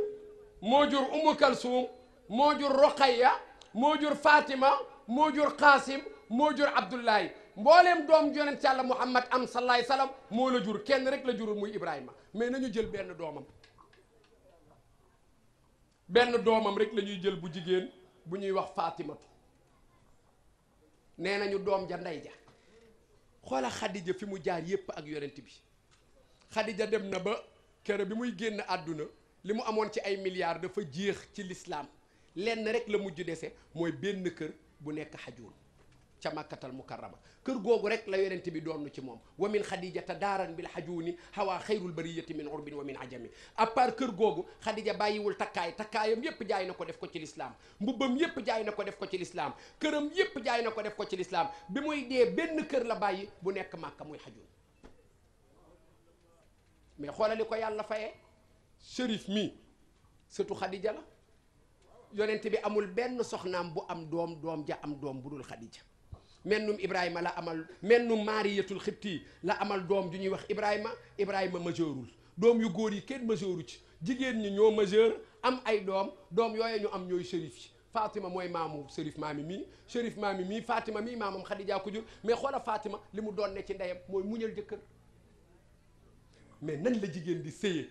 moo jur Umu Kalsum moo jur Roqaya moo jur faatima moo jur Qaasim moo jur Abdullahi mbooleem doom yonent yàlla Muhammad am salaay salaam moo la jur kenn rek la jurul muy Ibrahima mais nañu jël benn doomam benn doomam rek la ñuy jël bu jigéen bu ñuy wax Fatimatu nee nañu doom ja ndey ja xoola xadija fi mu jaar yépp ak yonent bi xadija dem na ba kër bi muy génn àdduna li mu amoon ci ay milliards dafa jeex ci lislaam lenn rek la mujj dese mooy benn kër bu nekk xajuul ca makkatal mukarrama kër googu rek la yonent bi doon ci moom wa min xadijata daaran bil xajuuni xawaa xayrul bariyati min urbin wa min ajami à part kër googu xadija bàyyiwul takkaay takkaayam yépp jaay na ko def ko ci lislaam mbubbam yépp jaay na ko def ko ci lislaam këram yépp jaay na ko def ko ci lislaam bi muy dee benn kër la bàyyi bu nekk màkka muy xajuun mais xoolali ko yàlla fayee shérif mii sëtu xadija la yonent bi amul benn soxnaam bu am doom doom ja am doom bu dul xadija mennum Ibrahima la amal mennum Maariyatul Xibti la amal doom ju ñuy wax Ibrahima Ibrahima majeurul doom yu góor yi kenn majeuru ci jigéen ñi ñoo majeur am ay doom doom yooye ñu am ñooy shérif yi Fatima mooy maamu shérif maami mii shérif maami mii Fatima mii maamam Xadija ko jur mais xoola Fatima li mu doon ne ci ndeyam mooy muñal jëkkër mais nan la jigéen di sëye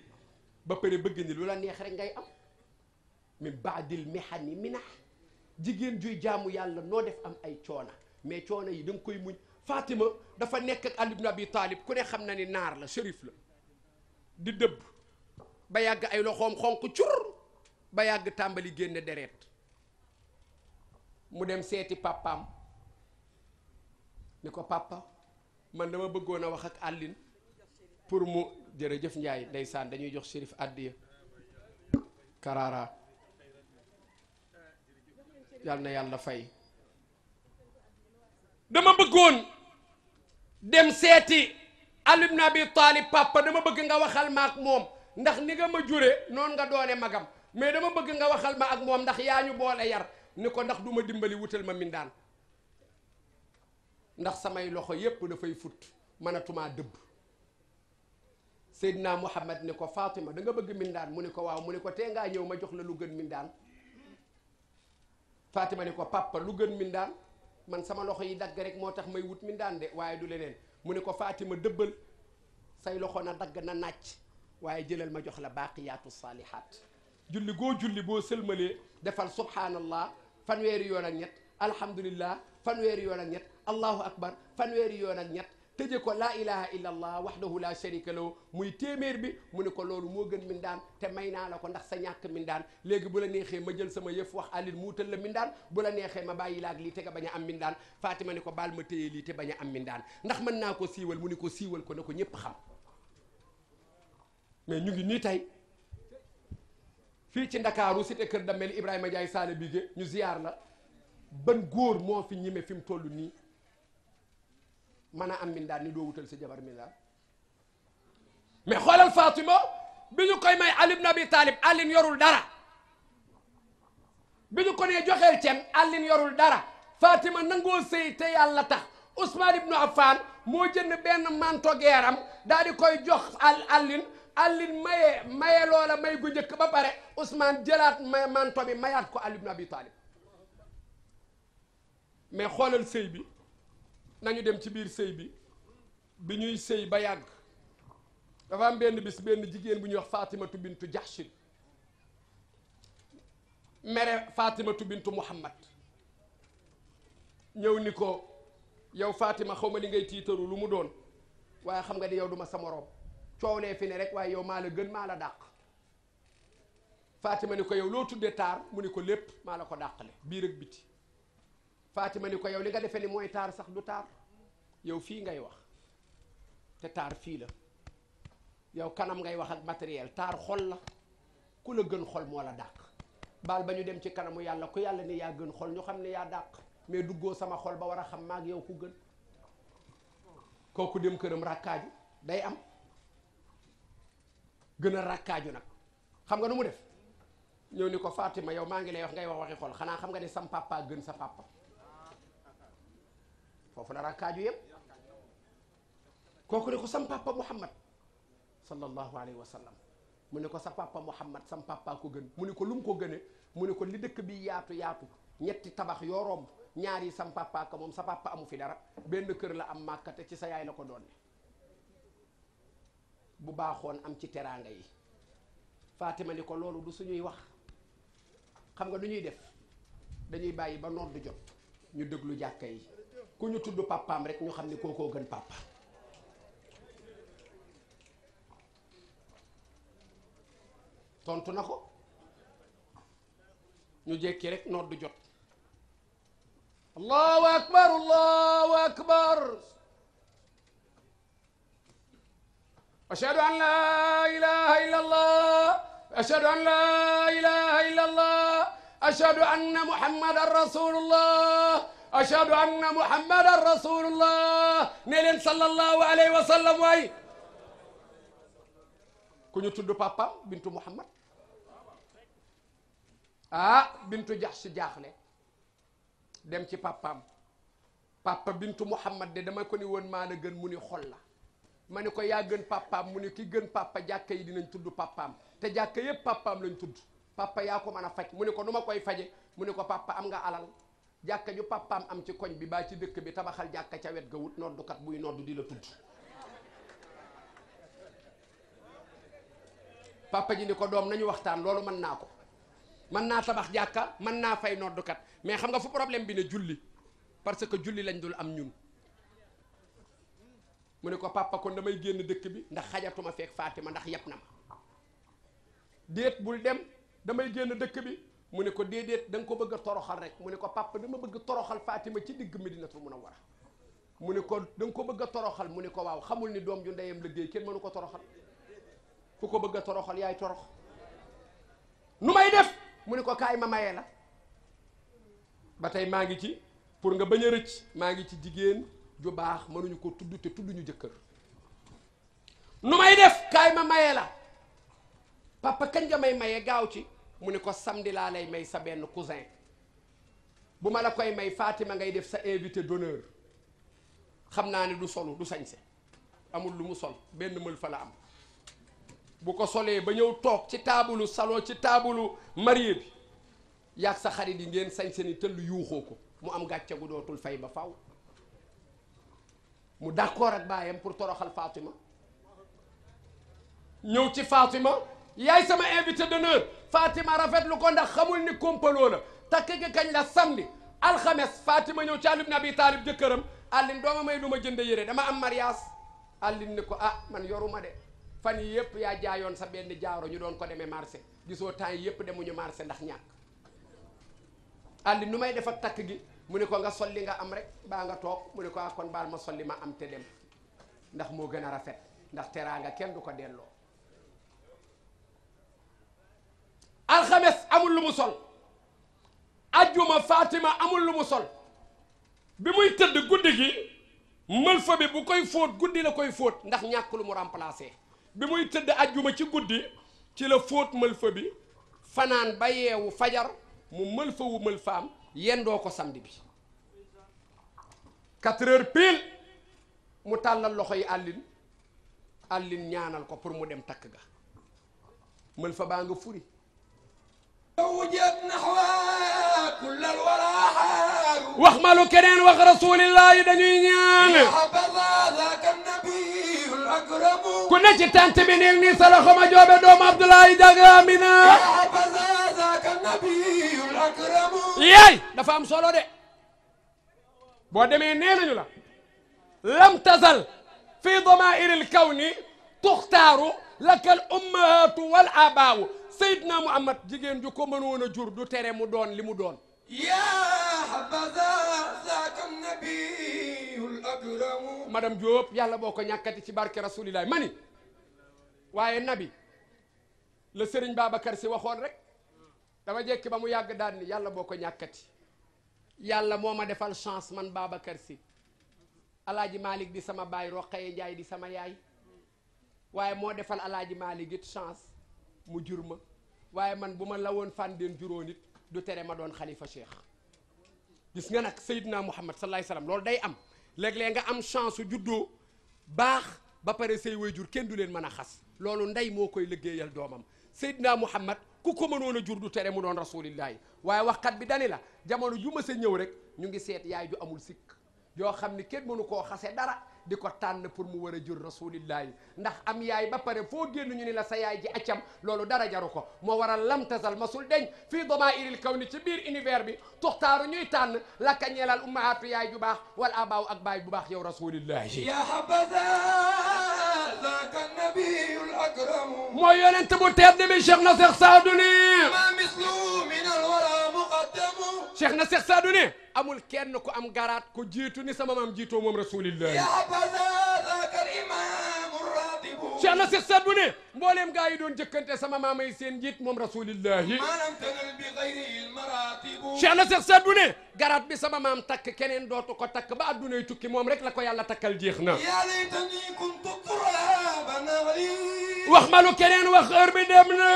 ba pare bëgg ni lu la neex rek ngay am min baadil mihani mina jigéen juy jaamu yàlla noo def am ay coona mais coono yi da nga koy muñ Fatima dafa nekk ak Ali ibn Abi Talib ku ne xam na ni naar la shérif la di dëbb ba yàgg ay loxoom xonq cur ba yàgg tàmbali génn deret mu dem seeti papaam ni ko papa man dama bëggoon a wax ak àllin pour mu jërëjëf Njaay ndeysaan dañuy jox shérif àddiya karaara yal na yàlla fay dama bëggoon dem seeti Ali ibn Abi Talib papa dama bëgg nga waxal ma ak moom ndax ni nga ma jure noonu nga doone magam mais dama bëgg nga waxal ma ak moom ndax yaa ñu boole yar ni ko ndax du ma dimbali wutal ma mindaan ndax samay loxo yépp dafay fut mënatumaa dëbb Seydina Muhammad ni ko Fatima da nga bëgg mindaan mu ne ko waaw mu ne ko tee ngaa ñëw ma jox la lu gën mindaan Fatima ne ko papa lu gën mindaan man sama loxo yi dagg rek moo tax may wut mi daan de waaye du leneen mu ne ko Fatima dëbbal say loxo na dagg na nàcc waaye jëlal ma jox la baaqiyaatu saalihaat julli goo julli boo sëlmalee defal subhanallah fanweeri yoon ak ñett alhamdulillah fanweeri yoon ak ñett allahu akbar fanweeri yoon ak ñett tëje ko laa ilaha illa allah wahdahu la sharika lahu muy téeméer bi mu ne ko loolu moo gën mindaan te may naa la ko ndax sa ñàkk mindaan léegi bu la neexee ma jël sama yëf wax alil muutal la mindaan bu la neexee ma bàyyi laak lii te nga bañ a am mindaan Fatima ne ko baal ma téye lii te bañ a am mindaan ndax man naa ko siiwal mu ne ko siiwal ko ne ko ñëpp xam mais ñu ngi nii tey fii ci ndakaaru cité kër Damel Ibrahima Ndiaye saala bige ñu ziyaar la ban góor moo fi fi mu toll nii mën a am mindaan ni doo wutal sa jabar mindaan mais xoolal Fatima bi ñu koy may Ali ibn Abi Talib Alioune yorul dara bi ñu ko nee joxeel cen Alioune yorul dara Fatima nangoo sëy te yàlla tax Ousmane ibn Affan moo jënd benn manto geeram daal di koy jox al Alioune Alioune maye maye loola may gu njëkk ba pare Ousmane jëlaat may manto bi mayaat ko Ali ibn Abi Talib mais xoolal sëy bi. nañu dem ci biir sëy bi bi ñuy sëy ba yàgg dafa am benn bis benn jigéen bu ñuy wax Fatimatu bintu Jaxsin mere Fatimatu bintu Muhammad ñëw ni ko yow Fatima xaw ma li ngay tiitaru lu mu doon waaye xam nga ni yow duma sa moroom coow lee fi ne rek waaye yow maa la gën maa la dàq Fatima ni ko yow loo tuddee taar mu ni ko lépp maa la ko dàqale biir ak biti Fatima ni ko yow li nga defee ni mooy taar sax du taar yow fii ngay wax te taar fii la yow kanam ngay wax ak matériel taar xol la ku la gën xol moo la dàq baal ba ñu dem ci kanamu yàlla ku yàlla ni yaa gën xol ñu xam ne yaa dàq mais duggoo sama xol ba war a xam maag yow ku gën kooku dem këram ràkkaaju day am gën a rakkaaju nag xam nga nu mu def ñëw ni ko Fatima yow maa ngi lay wax ngay wax waxi xol xanaa xam nga ne sam pàppaa gën sa papa foofu la kaaju yem kooku ne ko sam papa Muhammad sallallahu alayhi wa sallam mu ne ko sa papa Muhammad sam papa ko gën mu ne ko lu mu ko gëne mu ne ko li dëkk bi yaatu yaatu ñetti tabax yoo romb ñaar yi sam moom sa papa amu fi dara benn kër la am màkkate ci sa yaay la ko doon bu baaxoon am ci teraanga yi Fatima ni ko loolu du suñuy wax xam nga du ñuy def dañuy bàyyi ba noor du jot ñu déglu jàkka yi ku ñu tudd papaam rek ñu xam ne kookoo gën papa tontu na ko ñu jékki rek nodd jot allahu akbar allahu akbar ashhadu an laa ilaha illa allah an muhammadan rasulullah ashhadu anna muhammadan rasulullah ne leen sallallahu alayhi wa sallam ku ñu tudd papaam bintu muhammad ah bintu jaxsi jaaxle dem ci papaam papa bintu muhammad de dama ko ni woon maa la gën mu ni xol la ma ni ko yaa gën papaam mu ni ki gën pappa jàkka yi dinañ tudd papaam te jàkka yépp papaam lañ tudd papa yaa ko mën a faj mu ni ko nu ma koy faje mu ni ko papa am nga alal jàkka ju papaam am ci koñ bi baa ci dëkk bi tabaxal jàkka ca wet ga wut noddukat buy noddu di la tudd papa ji ni ko doom nañu waxtaan loolu mën naa ko mën naa tabax jàkka mën naa fay noddukat mais xam nga fu problème bi ne julli parce que julli lañ dul am ñun mu ne ko papa kon damay génn dëkk bi ndax xajatuma feek Fatima ndax yàpp na ma déet bul dem damay génn dëkk bi mu ne ko déedéet danga ko bëgg toroxal rek mu ne ko papa dama bëgg toroxal Fatima ci digg mi Medinatul Munawwara mu ne ko danga nga ko bëgg a toroxal mu ne ko waaw xamul ni doom ju ndeyam liggéey kenn mënu ko toroxal ku ko bëgg a toroxal yaay torox nu may def mu ne ko kaay ma maye la ba tey maa ngi ci pour nga bañ a rëcc maa ngi ci jigéen ju baax mënuñu ko tudd te tudduñu jëkkër nu may def kaay ma mayee la papa kañ nga may maye gaaw ci mu ne ko samdilaa lay may sa benn cousin bu ma la koy may Fatima ngay def sa invité d'honneur xam naa ne du solu du sañse amul lu mu sol benn mël fa la am bu ko solee ba ñëw toog ci taabulu salon ci taabulu marié bi yaag sa xarit yi ngeen sañse ni tëll yuuxoo ko mu am gàcce gu dootul fay ba faw mu d'accord ak baayam pour toroxal Fatima ñëw ci Fatima yaay sama invité d'honneur Fatima rafetlu ko ndax xamul ni kompaloo la takk gi kañ la samedi alxames Fatima ñëw ci Ali ibn Abi Talib jëkkëram Alioune dooma may lu ma jënd yére dama am marias Alioune ni ko ah man yoruma de fan yi yëpp yaa jaayoon sa benn jaaro ñu doon ko demee marché gisoo yëpp yi mu demuñu marché ndax ñàkk Alioune nu may def ak takk gi mu ne ko nga solli nga am rek baa nga toog mu ne ko ah kon baal ma solli ma am te dem ndax moo gën a rafet ndax teraanga kenn du ko delloo alxames amul lu mu sol ajjuma Fatima amul lu mu sol bi muy tëdd guddi gi mëlfa bi bu koy fóot guddi la koy fóot ndax ñàkk lu mu remplacé bi muy tëdd ajjuma ci guddi ci la fóot mëlfa bi fanaan ba yeewu fajar mu mëlfa wu mëlfaam yendoo ko samedi bi quatre heures mu tàllal loxo yi àllin àllin ñaanal ko pour mu dem takk ga mëlfa baa nga furi wax ma lu keneen wax rasulillahi dañuy ñaan ku ne ci tant bi néeg nii sa loxo ma joobe doomu Abdoulaye Diaga Amina yaay dafa am solo de boo demee nee nañu la lam tazal fi damaa'iril kawni tuxtaaru lakal ummahaatu wal abaawu sayidna muhammad jigéen ju ko mënoon a jur du tere mu doon li mu doon yaa habaza zaaka nabiyul akramu madame Diop yàlla boo ko ñàkkati ci barke rasulillahi mani waaye nabi la sëriñ Babacar si waxoon rek dama jekki ba mu yàgg daal ni yàlla boo ko ñàkkati yàlla moo ma defal chance man Babacar si alaaji Malick di sama baay Roqaye Njaay di sama yaay waaye moo defal alaaji Maalik it chance mu jur ma waaye man bu ma la woon fàndeen juróon it du tere ma doon xalifa cheikh gis nga nag Seydina Muhammad sallallahu alayhi wasallam loolu day am léeg nga am chance su juddoo baax ba pare say waajur kenn du leen mën a xas loolu ndey moo koy liggéeyal doomam Seydina Muhammad ku ko mënoon a jur tere mu doon rasulillahi waaye waxkat bi dani la jamono ju ma sa ñëw rek ñu ngi seet yaay ju amul sikk yoo xam ni kenn mënu koo xase dara di ko tànn pour mu war a jur rasulillahi ndax am yaay ba pare foo génn ñu ni la sa yaay ji accam loolu dara jaru ko moo waral lam tasal masul deñ fii damaa'iril kawni ci biir univers bi tuxtaaru ñuy tànn ka ñeelal ummahaatu yaay ju baax wal abaaw ak baay bu baax yow rasulillahi ya habaza laka nabiyul akram moo yonent bu tedd bi Cheikh Nasir Saaduni cheikh na cheikh Saadu ne amul kenn ku am garaat ku jiitu ni sama maam jiitoo moom rasulillah cheikh na cheikh Saadu ne mbooleem gaa yi doon jëkkante sama maam ay seen njiit moom rasulillah cheikh na cheikh Saadu ne garaat bi sama maam takk keneen dootu ko takk ba addunay tukki moom rek la ko yàlla takkal jeex na wax malu keneen wax heure bi dem na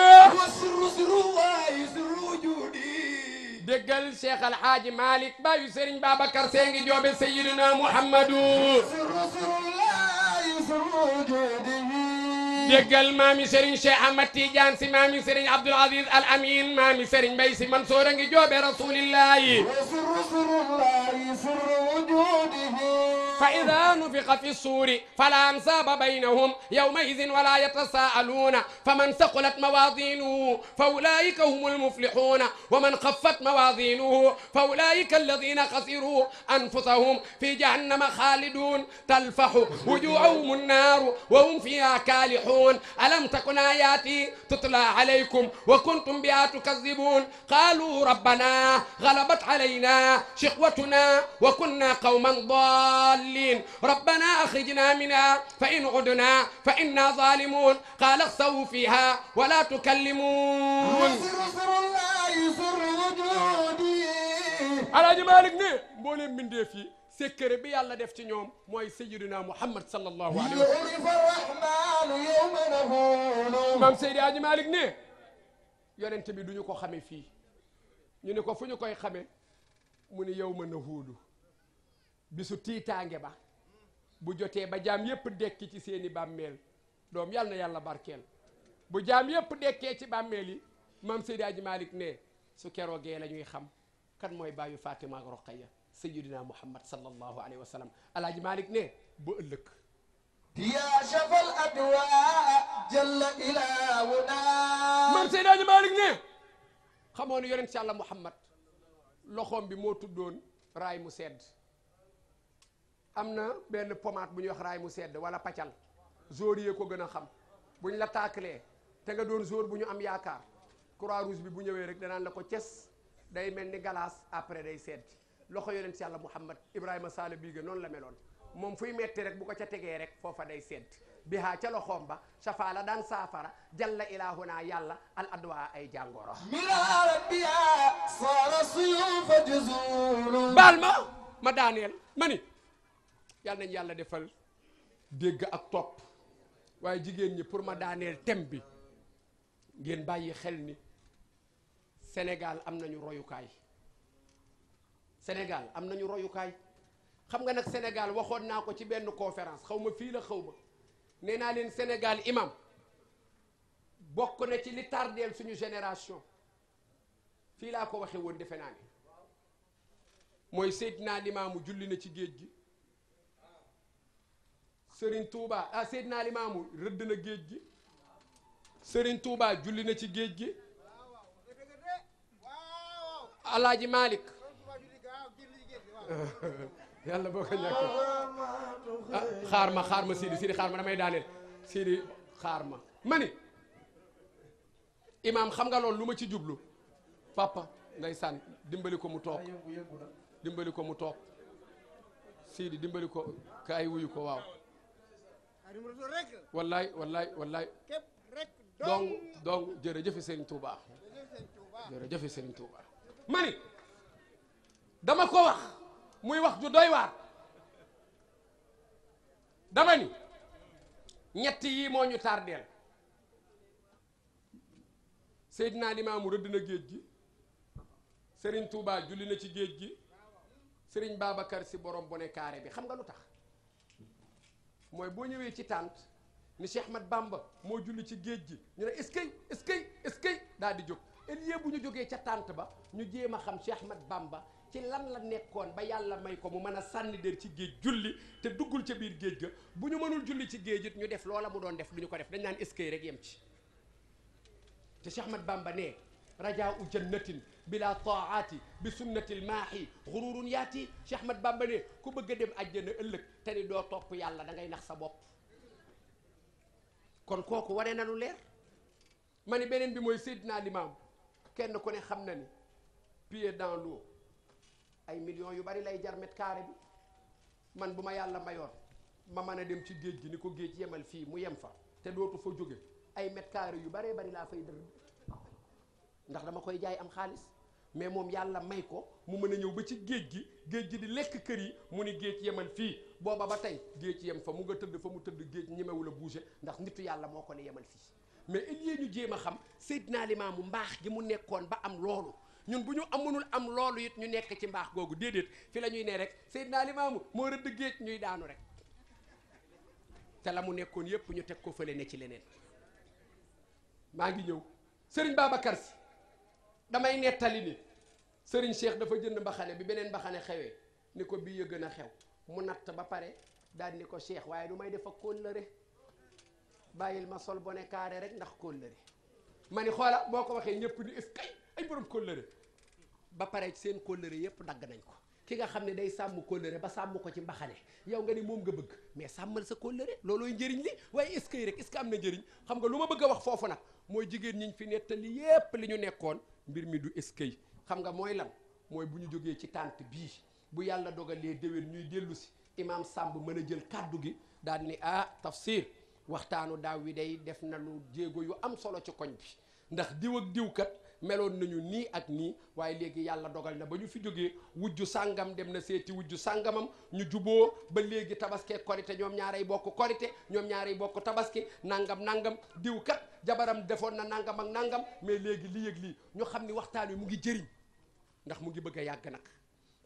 déggal Cheikh Al Hadj Malick baayu Serigne Babacar Sy ngi joobe Seyyidina Muhammadu déggal maami Serigne Cheikh Ahmad Tidiane Sy maami Serigne Abdoul Aziz Al Amin maami Serigne Mbaye Sy Mansour a ngi joobe rasulillahi فإذا نفخ في الصور فلا أنساب بينهم يومئذ ولا يتساءلون فمن ثقلت موازينه فأولئك هم المفلحون ومن خفت موازينه فأولئك الذين خسروا أنفسهم في جهنم خالدون تلفح وجوههم النار وهم فيها كالحون ألم تكن آياتي تتلى عليكم وكنتم بها تكذبون قالوا ربنا غلبت علينا شقوتنا وكنا قوما ضالين المصلين ربنا أخرجنا منها فإن عدنا فإنا ظالمون قال اخسوا فيها ولا تكلمون alaaji Malick ne mbooleem mbindeef yi sekkere bi yàlla def ci ñoom mooy sayyidina Muhammad sallallahu alayhi wa sallam maam Seydi Aji Malick ne yonent bi duñu ko xame fii ñu ne ko fu ñu koy xame mu ne yow ma nahuudu bi su tiitaange ba bu jotee ba jaam yépp dekki ci seeni bàmmeel doom yàlla na yàlla barkeel bu jaam yépp dekkee ci bàmmeel yi maam Seydi Hadji Malick ne su keroogee la ñuy xam kan mooy baayu Fatima ak Roqaya sayyidina Muhammad sallallahu alayhi wa sallam Alaaji Malick ne bu ëllëg yaa shafal adwa jalla maam Seydi Hadji ne xamoon yonent si yàlla Muhammad loxoom bi moo tuddoon raay mu sedd am na benn pommade bu ñuy wax raay mu sedd wala paccal zor yee ko gën a xam bu ñu la taakalee te nga doon zor bu ñu am yaakaar croix rouge bi bu ñëwee rek danaan la ko ces day mel ni galaas après day sedd loxo yonent yàlla Muhammad Ibrahima Sall bii noonu la meloon moom fuy metti rek bu ko ca tegee rek foofa day sedd bihaa ca loxoom ba safaa la daan saafara jalla ilaahuna yàlla al adwa ay jàngoro baal ma ma daaneel ma ni yàlla nañ yàlla defal dégg ak topp waaye jigéen ñi pour ma daaneel thème bi ngeen bàyyi xel ni Sénégal am nañu royukaay Sénégal am nañu royukaay xam nga nag Sénégal waxoon naa ko ci benn conférence xaw ma fii la xaw ma nee naa leen Sénégal imam bokk na ci li tardeel suñu génération fii laa ko waxee woon defe naa ne mooy Seydina Limaamu julli na ci géej gi Serigne Touba ah Seydina Limaamu rëdd na géej gi Serigne Touba julli na ci géej gi Alaaji Malick [laughs] yàlla boo ko ñàkk ah, xaar ma xaar ma Sidi Sidi xaar ma damay daaneel Sidi xaar ma ma ni imaam xam nga loolu lu ma ci jublu papa ndeysaan dimbali ko mu toog dimbali ko mu toog Sidi dimbali ko kaay wuyu ko waaw wallaay wallaay wallaay donc donc jërëjëf Serigne Touba jërëjëf Serigne Touba ma ni dama ko wax muy wax ju doy waar dama ni ñett yii moo ñu tardeel Seydina Limaamu rëdd na géej gi Serigne Touba julli na ci géej gi sëriñ Babacar si borom bone kaare bi xam nga lu tax mooy boo ñëwee ci tànt ni Cheikh Ahmad Bamba moo julli ci géej gi ñu ne est-ce que est-ce que est-ce que daal di jóg ëllëg bu ñu jógee ca tànt ba ñu jéem a xam Cheikh Ahmad ba ci lan la nekkoon ba yàlla may ko mu mën a sànni der ci géej julli te duggul ca biir géej ga bu ñu mënul julli ci géej it ñu def loola mu doon def du ñu ko def dañ naan est rek yem ci te Cheikh Ahmad Bamba ne rajaa u jannatin bila taati bi sunnati lmaahi xururun yaati Cheikh Ahmad Bamba ne ku bëgg a dem àjjana ëllëg te ni doo topp yàlla dangay nax sa bopp kon kooku waree na lu leer ma ne beneen bi mooy naa Limaam kenn ku ne xam na ni pied dans l'eau ay millions yu bari lay jar mètre carré bi man bu ma yàlla mayoon ma mën a dem ci géej gi ni ko géej yemal fii mu yem fa te dootu fa jóge ay mètre carré yu baree bari laa fay dër ndax dama koy jaay am xaalis mais moom yàlla may ko mu mën a ñëw ba ci géej gi géej gi di lekk kër yi mu ni géej yemal fii booba ba tey géej yem fa mu nga tëdd fa mu tëdd géej ñemewul la bouger ndax nitu yàlla moo ko ne yemal fii mais il yee ñu jéem a xam naa Seydina Limaamu mbaax gi mu nekkoon ba am loolu ñun bu ñu am mënul am loolu yit ñu nekk ci mbaax googu déedéet fi la ñuy ne rek Seydina Limaamu moo rëdd géej ñuy daanu rek te la mu nekkoon yépp ñu teg ko fële ne ci leneen maa ngi ñëw damay nettali ni Serigne Cheikh dafa jënd mbaxane bi beneen mbaxane xewee ni ko bii ya gën a xew mu natt ba pare daal ni ko Cheikh waaye du may def ak kóllëre bàyyil ma sol bone carré rek ndax kóllëre ma ni xoola boo ko waxee ñëpp ni est-ce que kóllëre ba pare seen kóllëre yëpp dagg nañ ko ki nga xam ne day sàmm kóllëre ba sàmm ko ci mbaxane yow nga ni moom nga bëgg mais sàmmal sa kóllëre loolooy njëriñ li waaye est-ce que rek est-ce que am na njëriñ xam nga lu ma bëgg a wax foofu nag mooy jigéen ñiñ fi nettali yépp li ñu nekkoon mbir mi du est-ce xam nga mooy lan mooy bu ñu jógee ci tànt bii bu yàlla dogalee déwén ñuy dellu si imaam Samb mën a jël kàddu gi daal ni ah tafsir waxtaanu daaw wi day def na lu jéego yu am solo ci koñ bi ndax diw ak meloon nañu nii ak nii waaye léegi yàlla dogal na ba ñu fi jógee wujju sàngam dem na seeti wujju sàngamam ñu juboo ba léegi tabaskee korité ñoom ñaaray bokk korité ñoom ñaaray bokk tabaski nangam nangam diw kat jabaram defoon na nangam ak nangam mais léegi li yëg lii ñu xam ni waxtaan wi mu ngi jëriñ ndax mu ngi bëgg a yàgg nag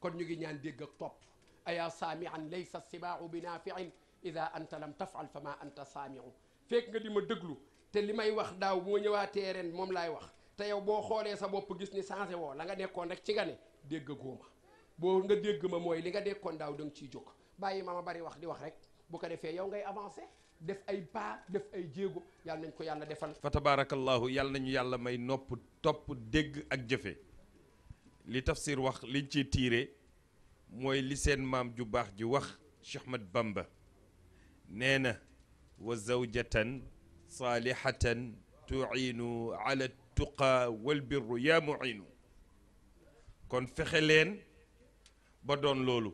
kon ñu ngi ñaan dégg ak topp ayaa saamian laysa sibaahu bi naafiin ida anta lam tafal fa ma anta saamiu fekk nga di ma déglu te li may wax daaw moo ñëwaatee ren moom laay wax te yow boo xoolee sa bopp gis ni changé woo la nga nekkoon rek ci nga ne dégg góoma boo nga dégg ma mooy li nga dekkoon daaw da nga ciy jóg bàyyi ma ma bari wax di wax rek bu ko defee yow ngay avancé def ay pas def ay jéego yàlla nañ ko yàlla defal. fa tabaarakallahu yàlla nañu yàlla may nopp topp dégg ak jëfe li tafsir wax liñ ci tiire mooy li seen maam ju baax ji wax Cheikh Ahmad Bamba nee na wa zawjatan saalihatan tuinu ala tuqaa wal birru yaa muinu kon fexe leen ba doon loolu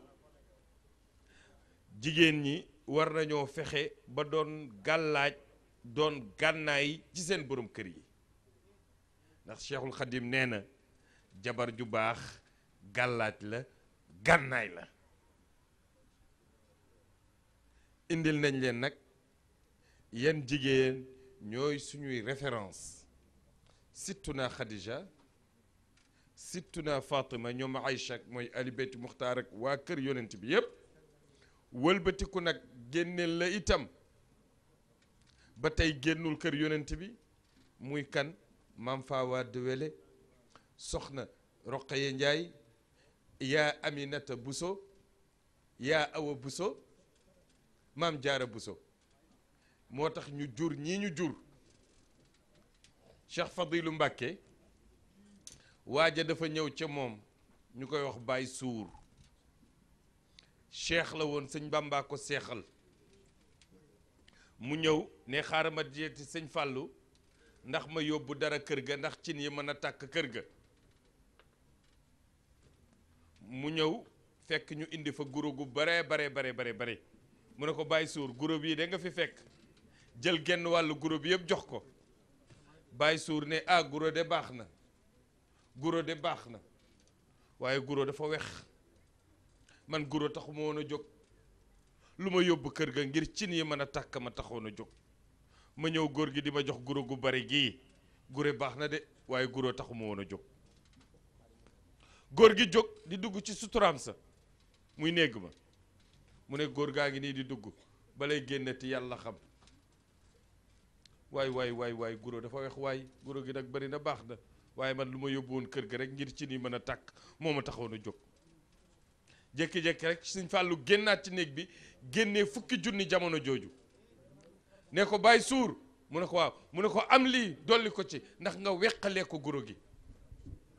jigéen ñi war nañoo fexe ba doon gàllaaj doon gànnaay ci seen boroom kër yi ndax Cheikhul Khadim nee na jabar ju baax gàllaaj la gànnaay la indil nañ leen nag yan jigéen ñooy suñuy référence sittuna Khadija sittuna Fatima ñoom ay ak mooy Ali Beyti Muxtaar waa kër yonent bi yépp wëlbatiku nag génneel la itam ba tey génnul kër yonent bi muy kan maam Fawa Dewele soxna Roqaye Njaay yaa Aminata Buso yaa Awa Buso maam Jaara Buso moo tax ñu jur ñii ñu jur Cheikh Fadilu Mbàkke waaja dafa ñëw ca moom ñu koy wax Baay Suur cheikh la woon sëñ Bàmbaa ko seexal mu ñëw ne xaaral ma jeeti sëñ Fàllu ndax ma yóbbu dara kër ga ndax cin yi mën a tàkk kër ga mu ñëw fekk ñu indi fa guro gu bare bare bare bare mu ne ko bàyyi suur guro bii da nga fi fekk jël genn wàll guro bi yëpp jox ko bàyyi suur ne ah guro de baax na guro de baax na waaye guro dafa wex man guro taxu ma woon a jóg lu ma yóbbu kër ga ngir cin yi mën a tàkk ma taxoon a jóg ma ñëw góor gi di ma jox guro gu bari gii gure baax na de waaye guro taxu ma woon a jóg góor gi jóg di dugg ci suturaam sa muy néeg ma mu ne góor gaa ngi nii di dugg balay génnati yàlla xam waay waay waay waay guro dafa weex waay guro gi nag bari na baax na waaye man lu ma yóbbu woon kër gi rek ngir ci ni mën a tàkk moo ma taxoon a jóg jékki-jékki rek suñ fàllu génnaat ci néeg bi génnee fukki junni jamono jooju ne ko bàyyi suur mu ne ko waaw mu ne ko am lii dolli ko ci ndax nga weqalee ko guro gi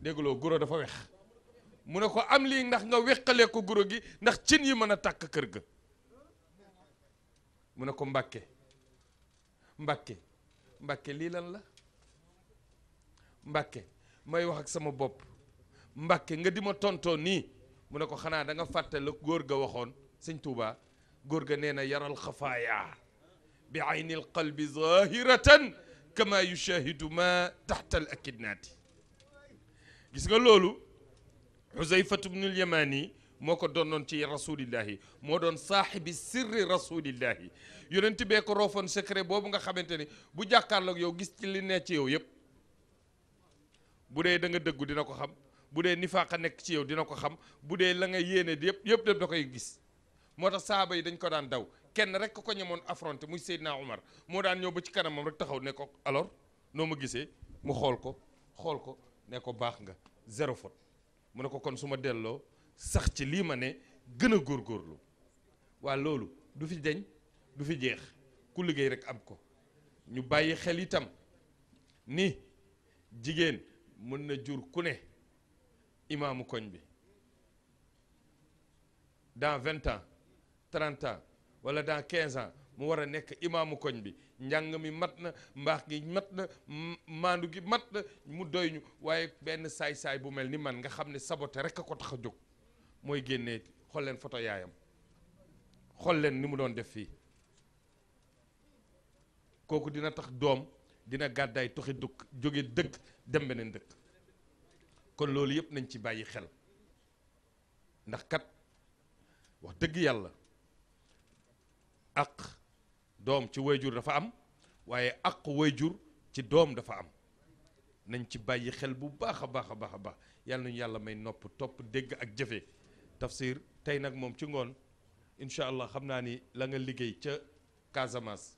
dégloo guro dafa wex mu ne ko am lii ndax nga weqalee ko guro gi ndax cin yi mën a tàkk kër ga mu ne ko mbàkke mbàkke mbàkke lii lan la mbàkke may wax ak sama bopp mbàkke nga dima ma tontoo nii mu ne ko xanaa da nga fàtte la góor ga waxoon sëñ Tuuba góor ga nee na yaral xafaaya bi ayni al qalbi zahiratan kama yushahidu ma taxta al akidnaati gis nga loolu Xuzayfatu bnul Yamaani moo ko donnoon ci rasulillahi moo doon saaxibi sirri rasulillahi yonent bee ko rofon secret boobu nga xamante ni bu jàkkaarloog yow gis ci li ne ci yow yëpp bu dee da nga dëggu dina ko xam bu dee nifaaqa nekk ci yow dina ko xam bu dee la nga yéene yëpp yëpp def da koy gis moo tax saaba yi dañ ko daan daw kenn rek ko ñemoon affronté muy Seydina Omar moo daan ñëw ba ci kanamam rek taxaw ne ko alors noo ma gisee mu xool ko xool ko ne ko baax nga zéro mu ne ko kon su ma delloo sax ci lii ma ne gën a góorlu waa loolu du fi deñ du fi jeex ku liggéey rek am ko ñu bàyyi xel itam ni jigéen mën na jur ku ne imaamu koñ bi dans vingt ans trente ans wala dans quinze ans mu war a nekk imaamu koñ bi njàng mi mat na mbaax gi mat na maandu gi mat na mu doy ñu waaye benn saay-saay bu mel ni man nga xam ne saboté rek a ko tax a jóg mooy génne xool leen photo yaayam xool leen ni mu doon def fii kooku dina tax doom dina gàddaay toxi dukk jóge dëkk dem beneen dëkk kon loolu yëpp nañ ci bàyyi xel ndax kat wax dëgg yàlla ak doom ci wayjur dafa am waaye ak wayjur ci doom dafa am nañ ci bàyyi xel bu baax a baax a baax a baax yàlla nañu yàlla may nopp topp dégg ak jëfe tafsir tey nag moom ci ngoon incha allah xam naa ni la nga liggéey ca Casamance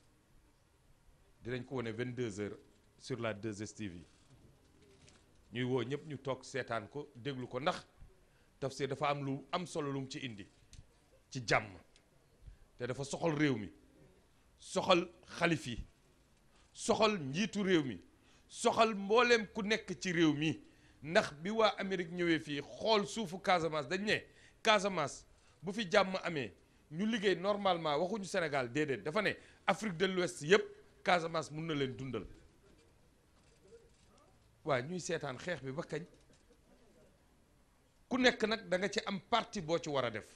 dinañ ko wane 22h sur la 2STV ñuy woo ñëpp ñu toog seetaan ko déglu ko ndax tafsir dafa am lu am solo lu ci indi ci jàmm te dafa soxal réew mi soxal xalif yi soxal njiitu réew mi soxal mbooleem ku nekk ci réew mi ndax bi waa Amérique ñëwee fii xool suufu Casamance dañ ne. Casamance bu fi jàmm amee ñu liggéey normalement waxuñu Sénégal déedéet dafa ne Afrique de l'Ouest yëpp Casamance mun na leen dundal waa ñuy seetaan xeex bi ba kañ ku nekk nag danga ci am parti boo ci war a def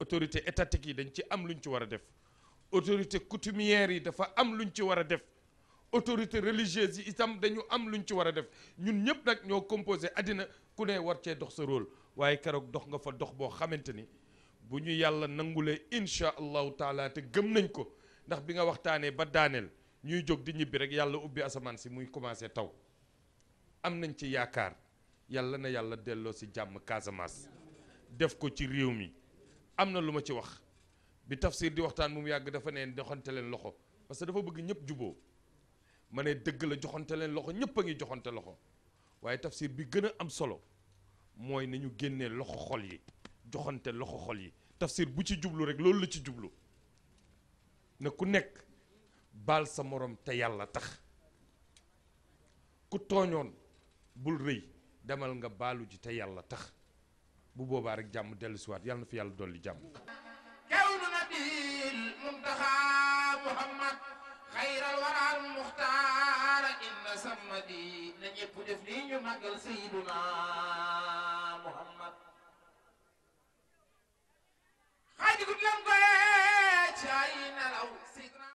autorité étatique yi dañ ci am luñ ci war a def autorité coutumière yi dafa am luñ ci war a def autorité religieuse yi itam dañu am luñ ci war a def ñun ñëpp nag ñoo composé àddina ku ne war cee dox sa rôle waaye keroog dox nga fa dox boo xamante ni bu ñu yàlla nangulee incha allahu taala te gëm nañ ko ndax bi nga waxtaanee ba daaneel ñuy jóg di ñibbi rek yàlla ubbi asamaan si muy commencé taw am nañ ci yaakaar yàlla na yàlla delloo si jàmm Casamance def ko ci réew mi am na lu ma ci wax bi tafsir di waxtaan mu mu yàgg dafa ne joxante leen loxo parce que dafa bëgg ñëpp juboo ma ne dëgg la joxante leen loxo ñëpp a ngi joxante loxo waaye tafsir bi gën a am solo mooy nañu génnee loxo xol yi joxante loxo xol yi tafsir bu ci jublu rek loolu la ci jublu ne ku nekk baal sa morom te yàlla tax ku tooñoon bul rëy demal nga baalu ji te yàlla tax bu boobaa rek jàmm dellusiwaat yàlla na fi yàlla dolli jàmm kawnu nabil muntaxa muhammad xayral waral muxtaara inna samadi na ñëpp def lii ñu màggal sayyiduna muhammad xaaj gu lam goyee ci ay nelaw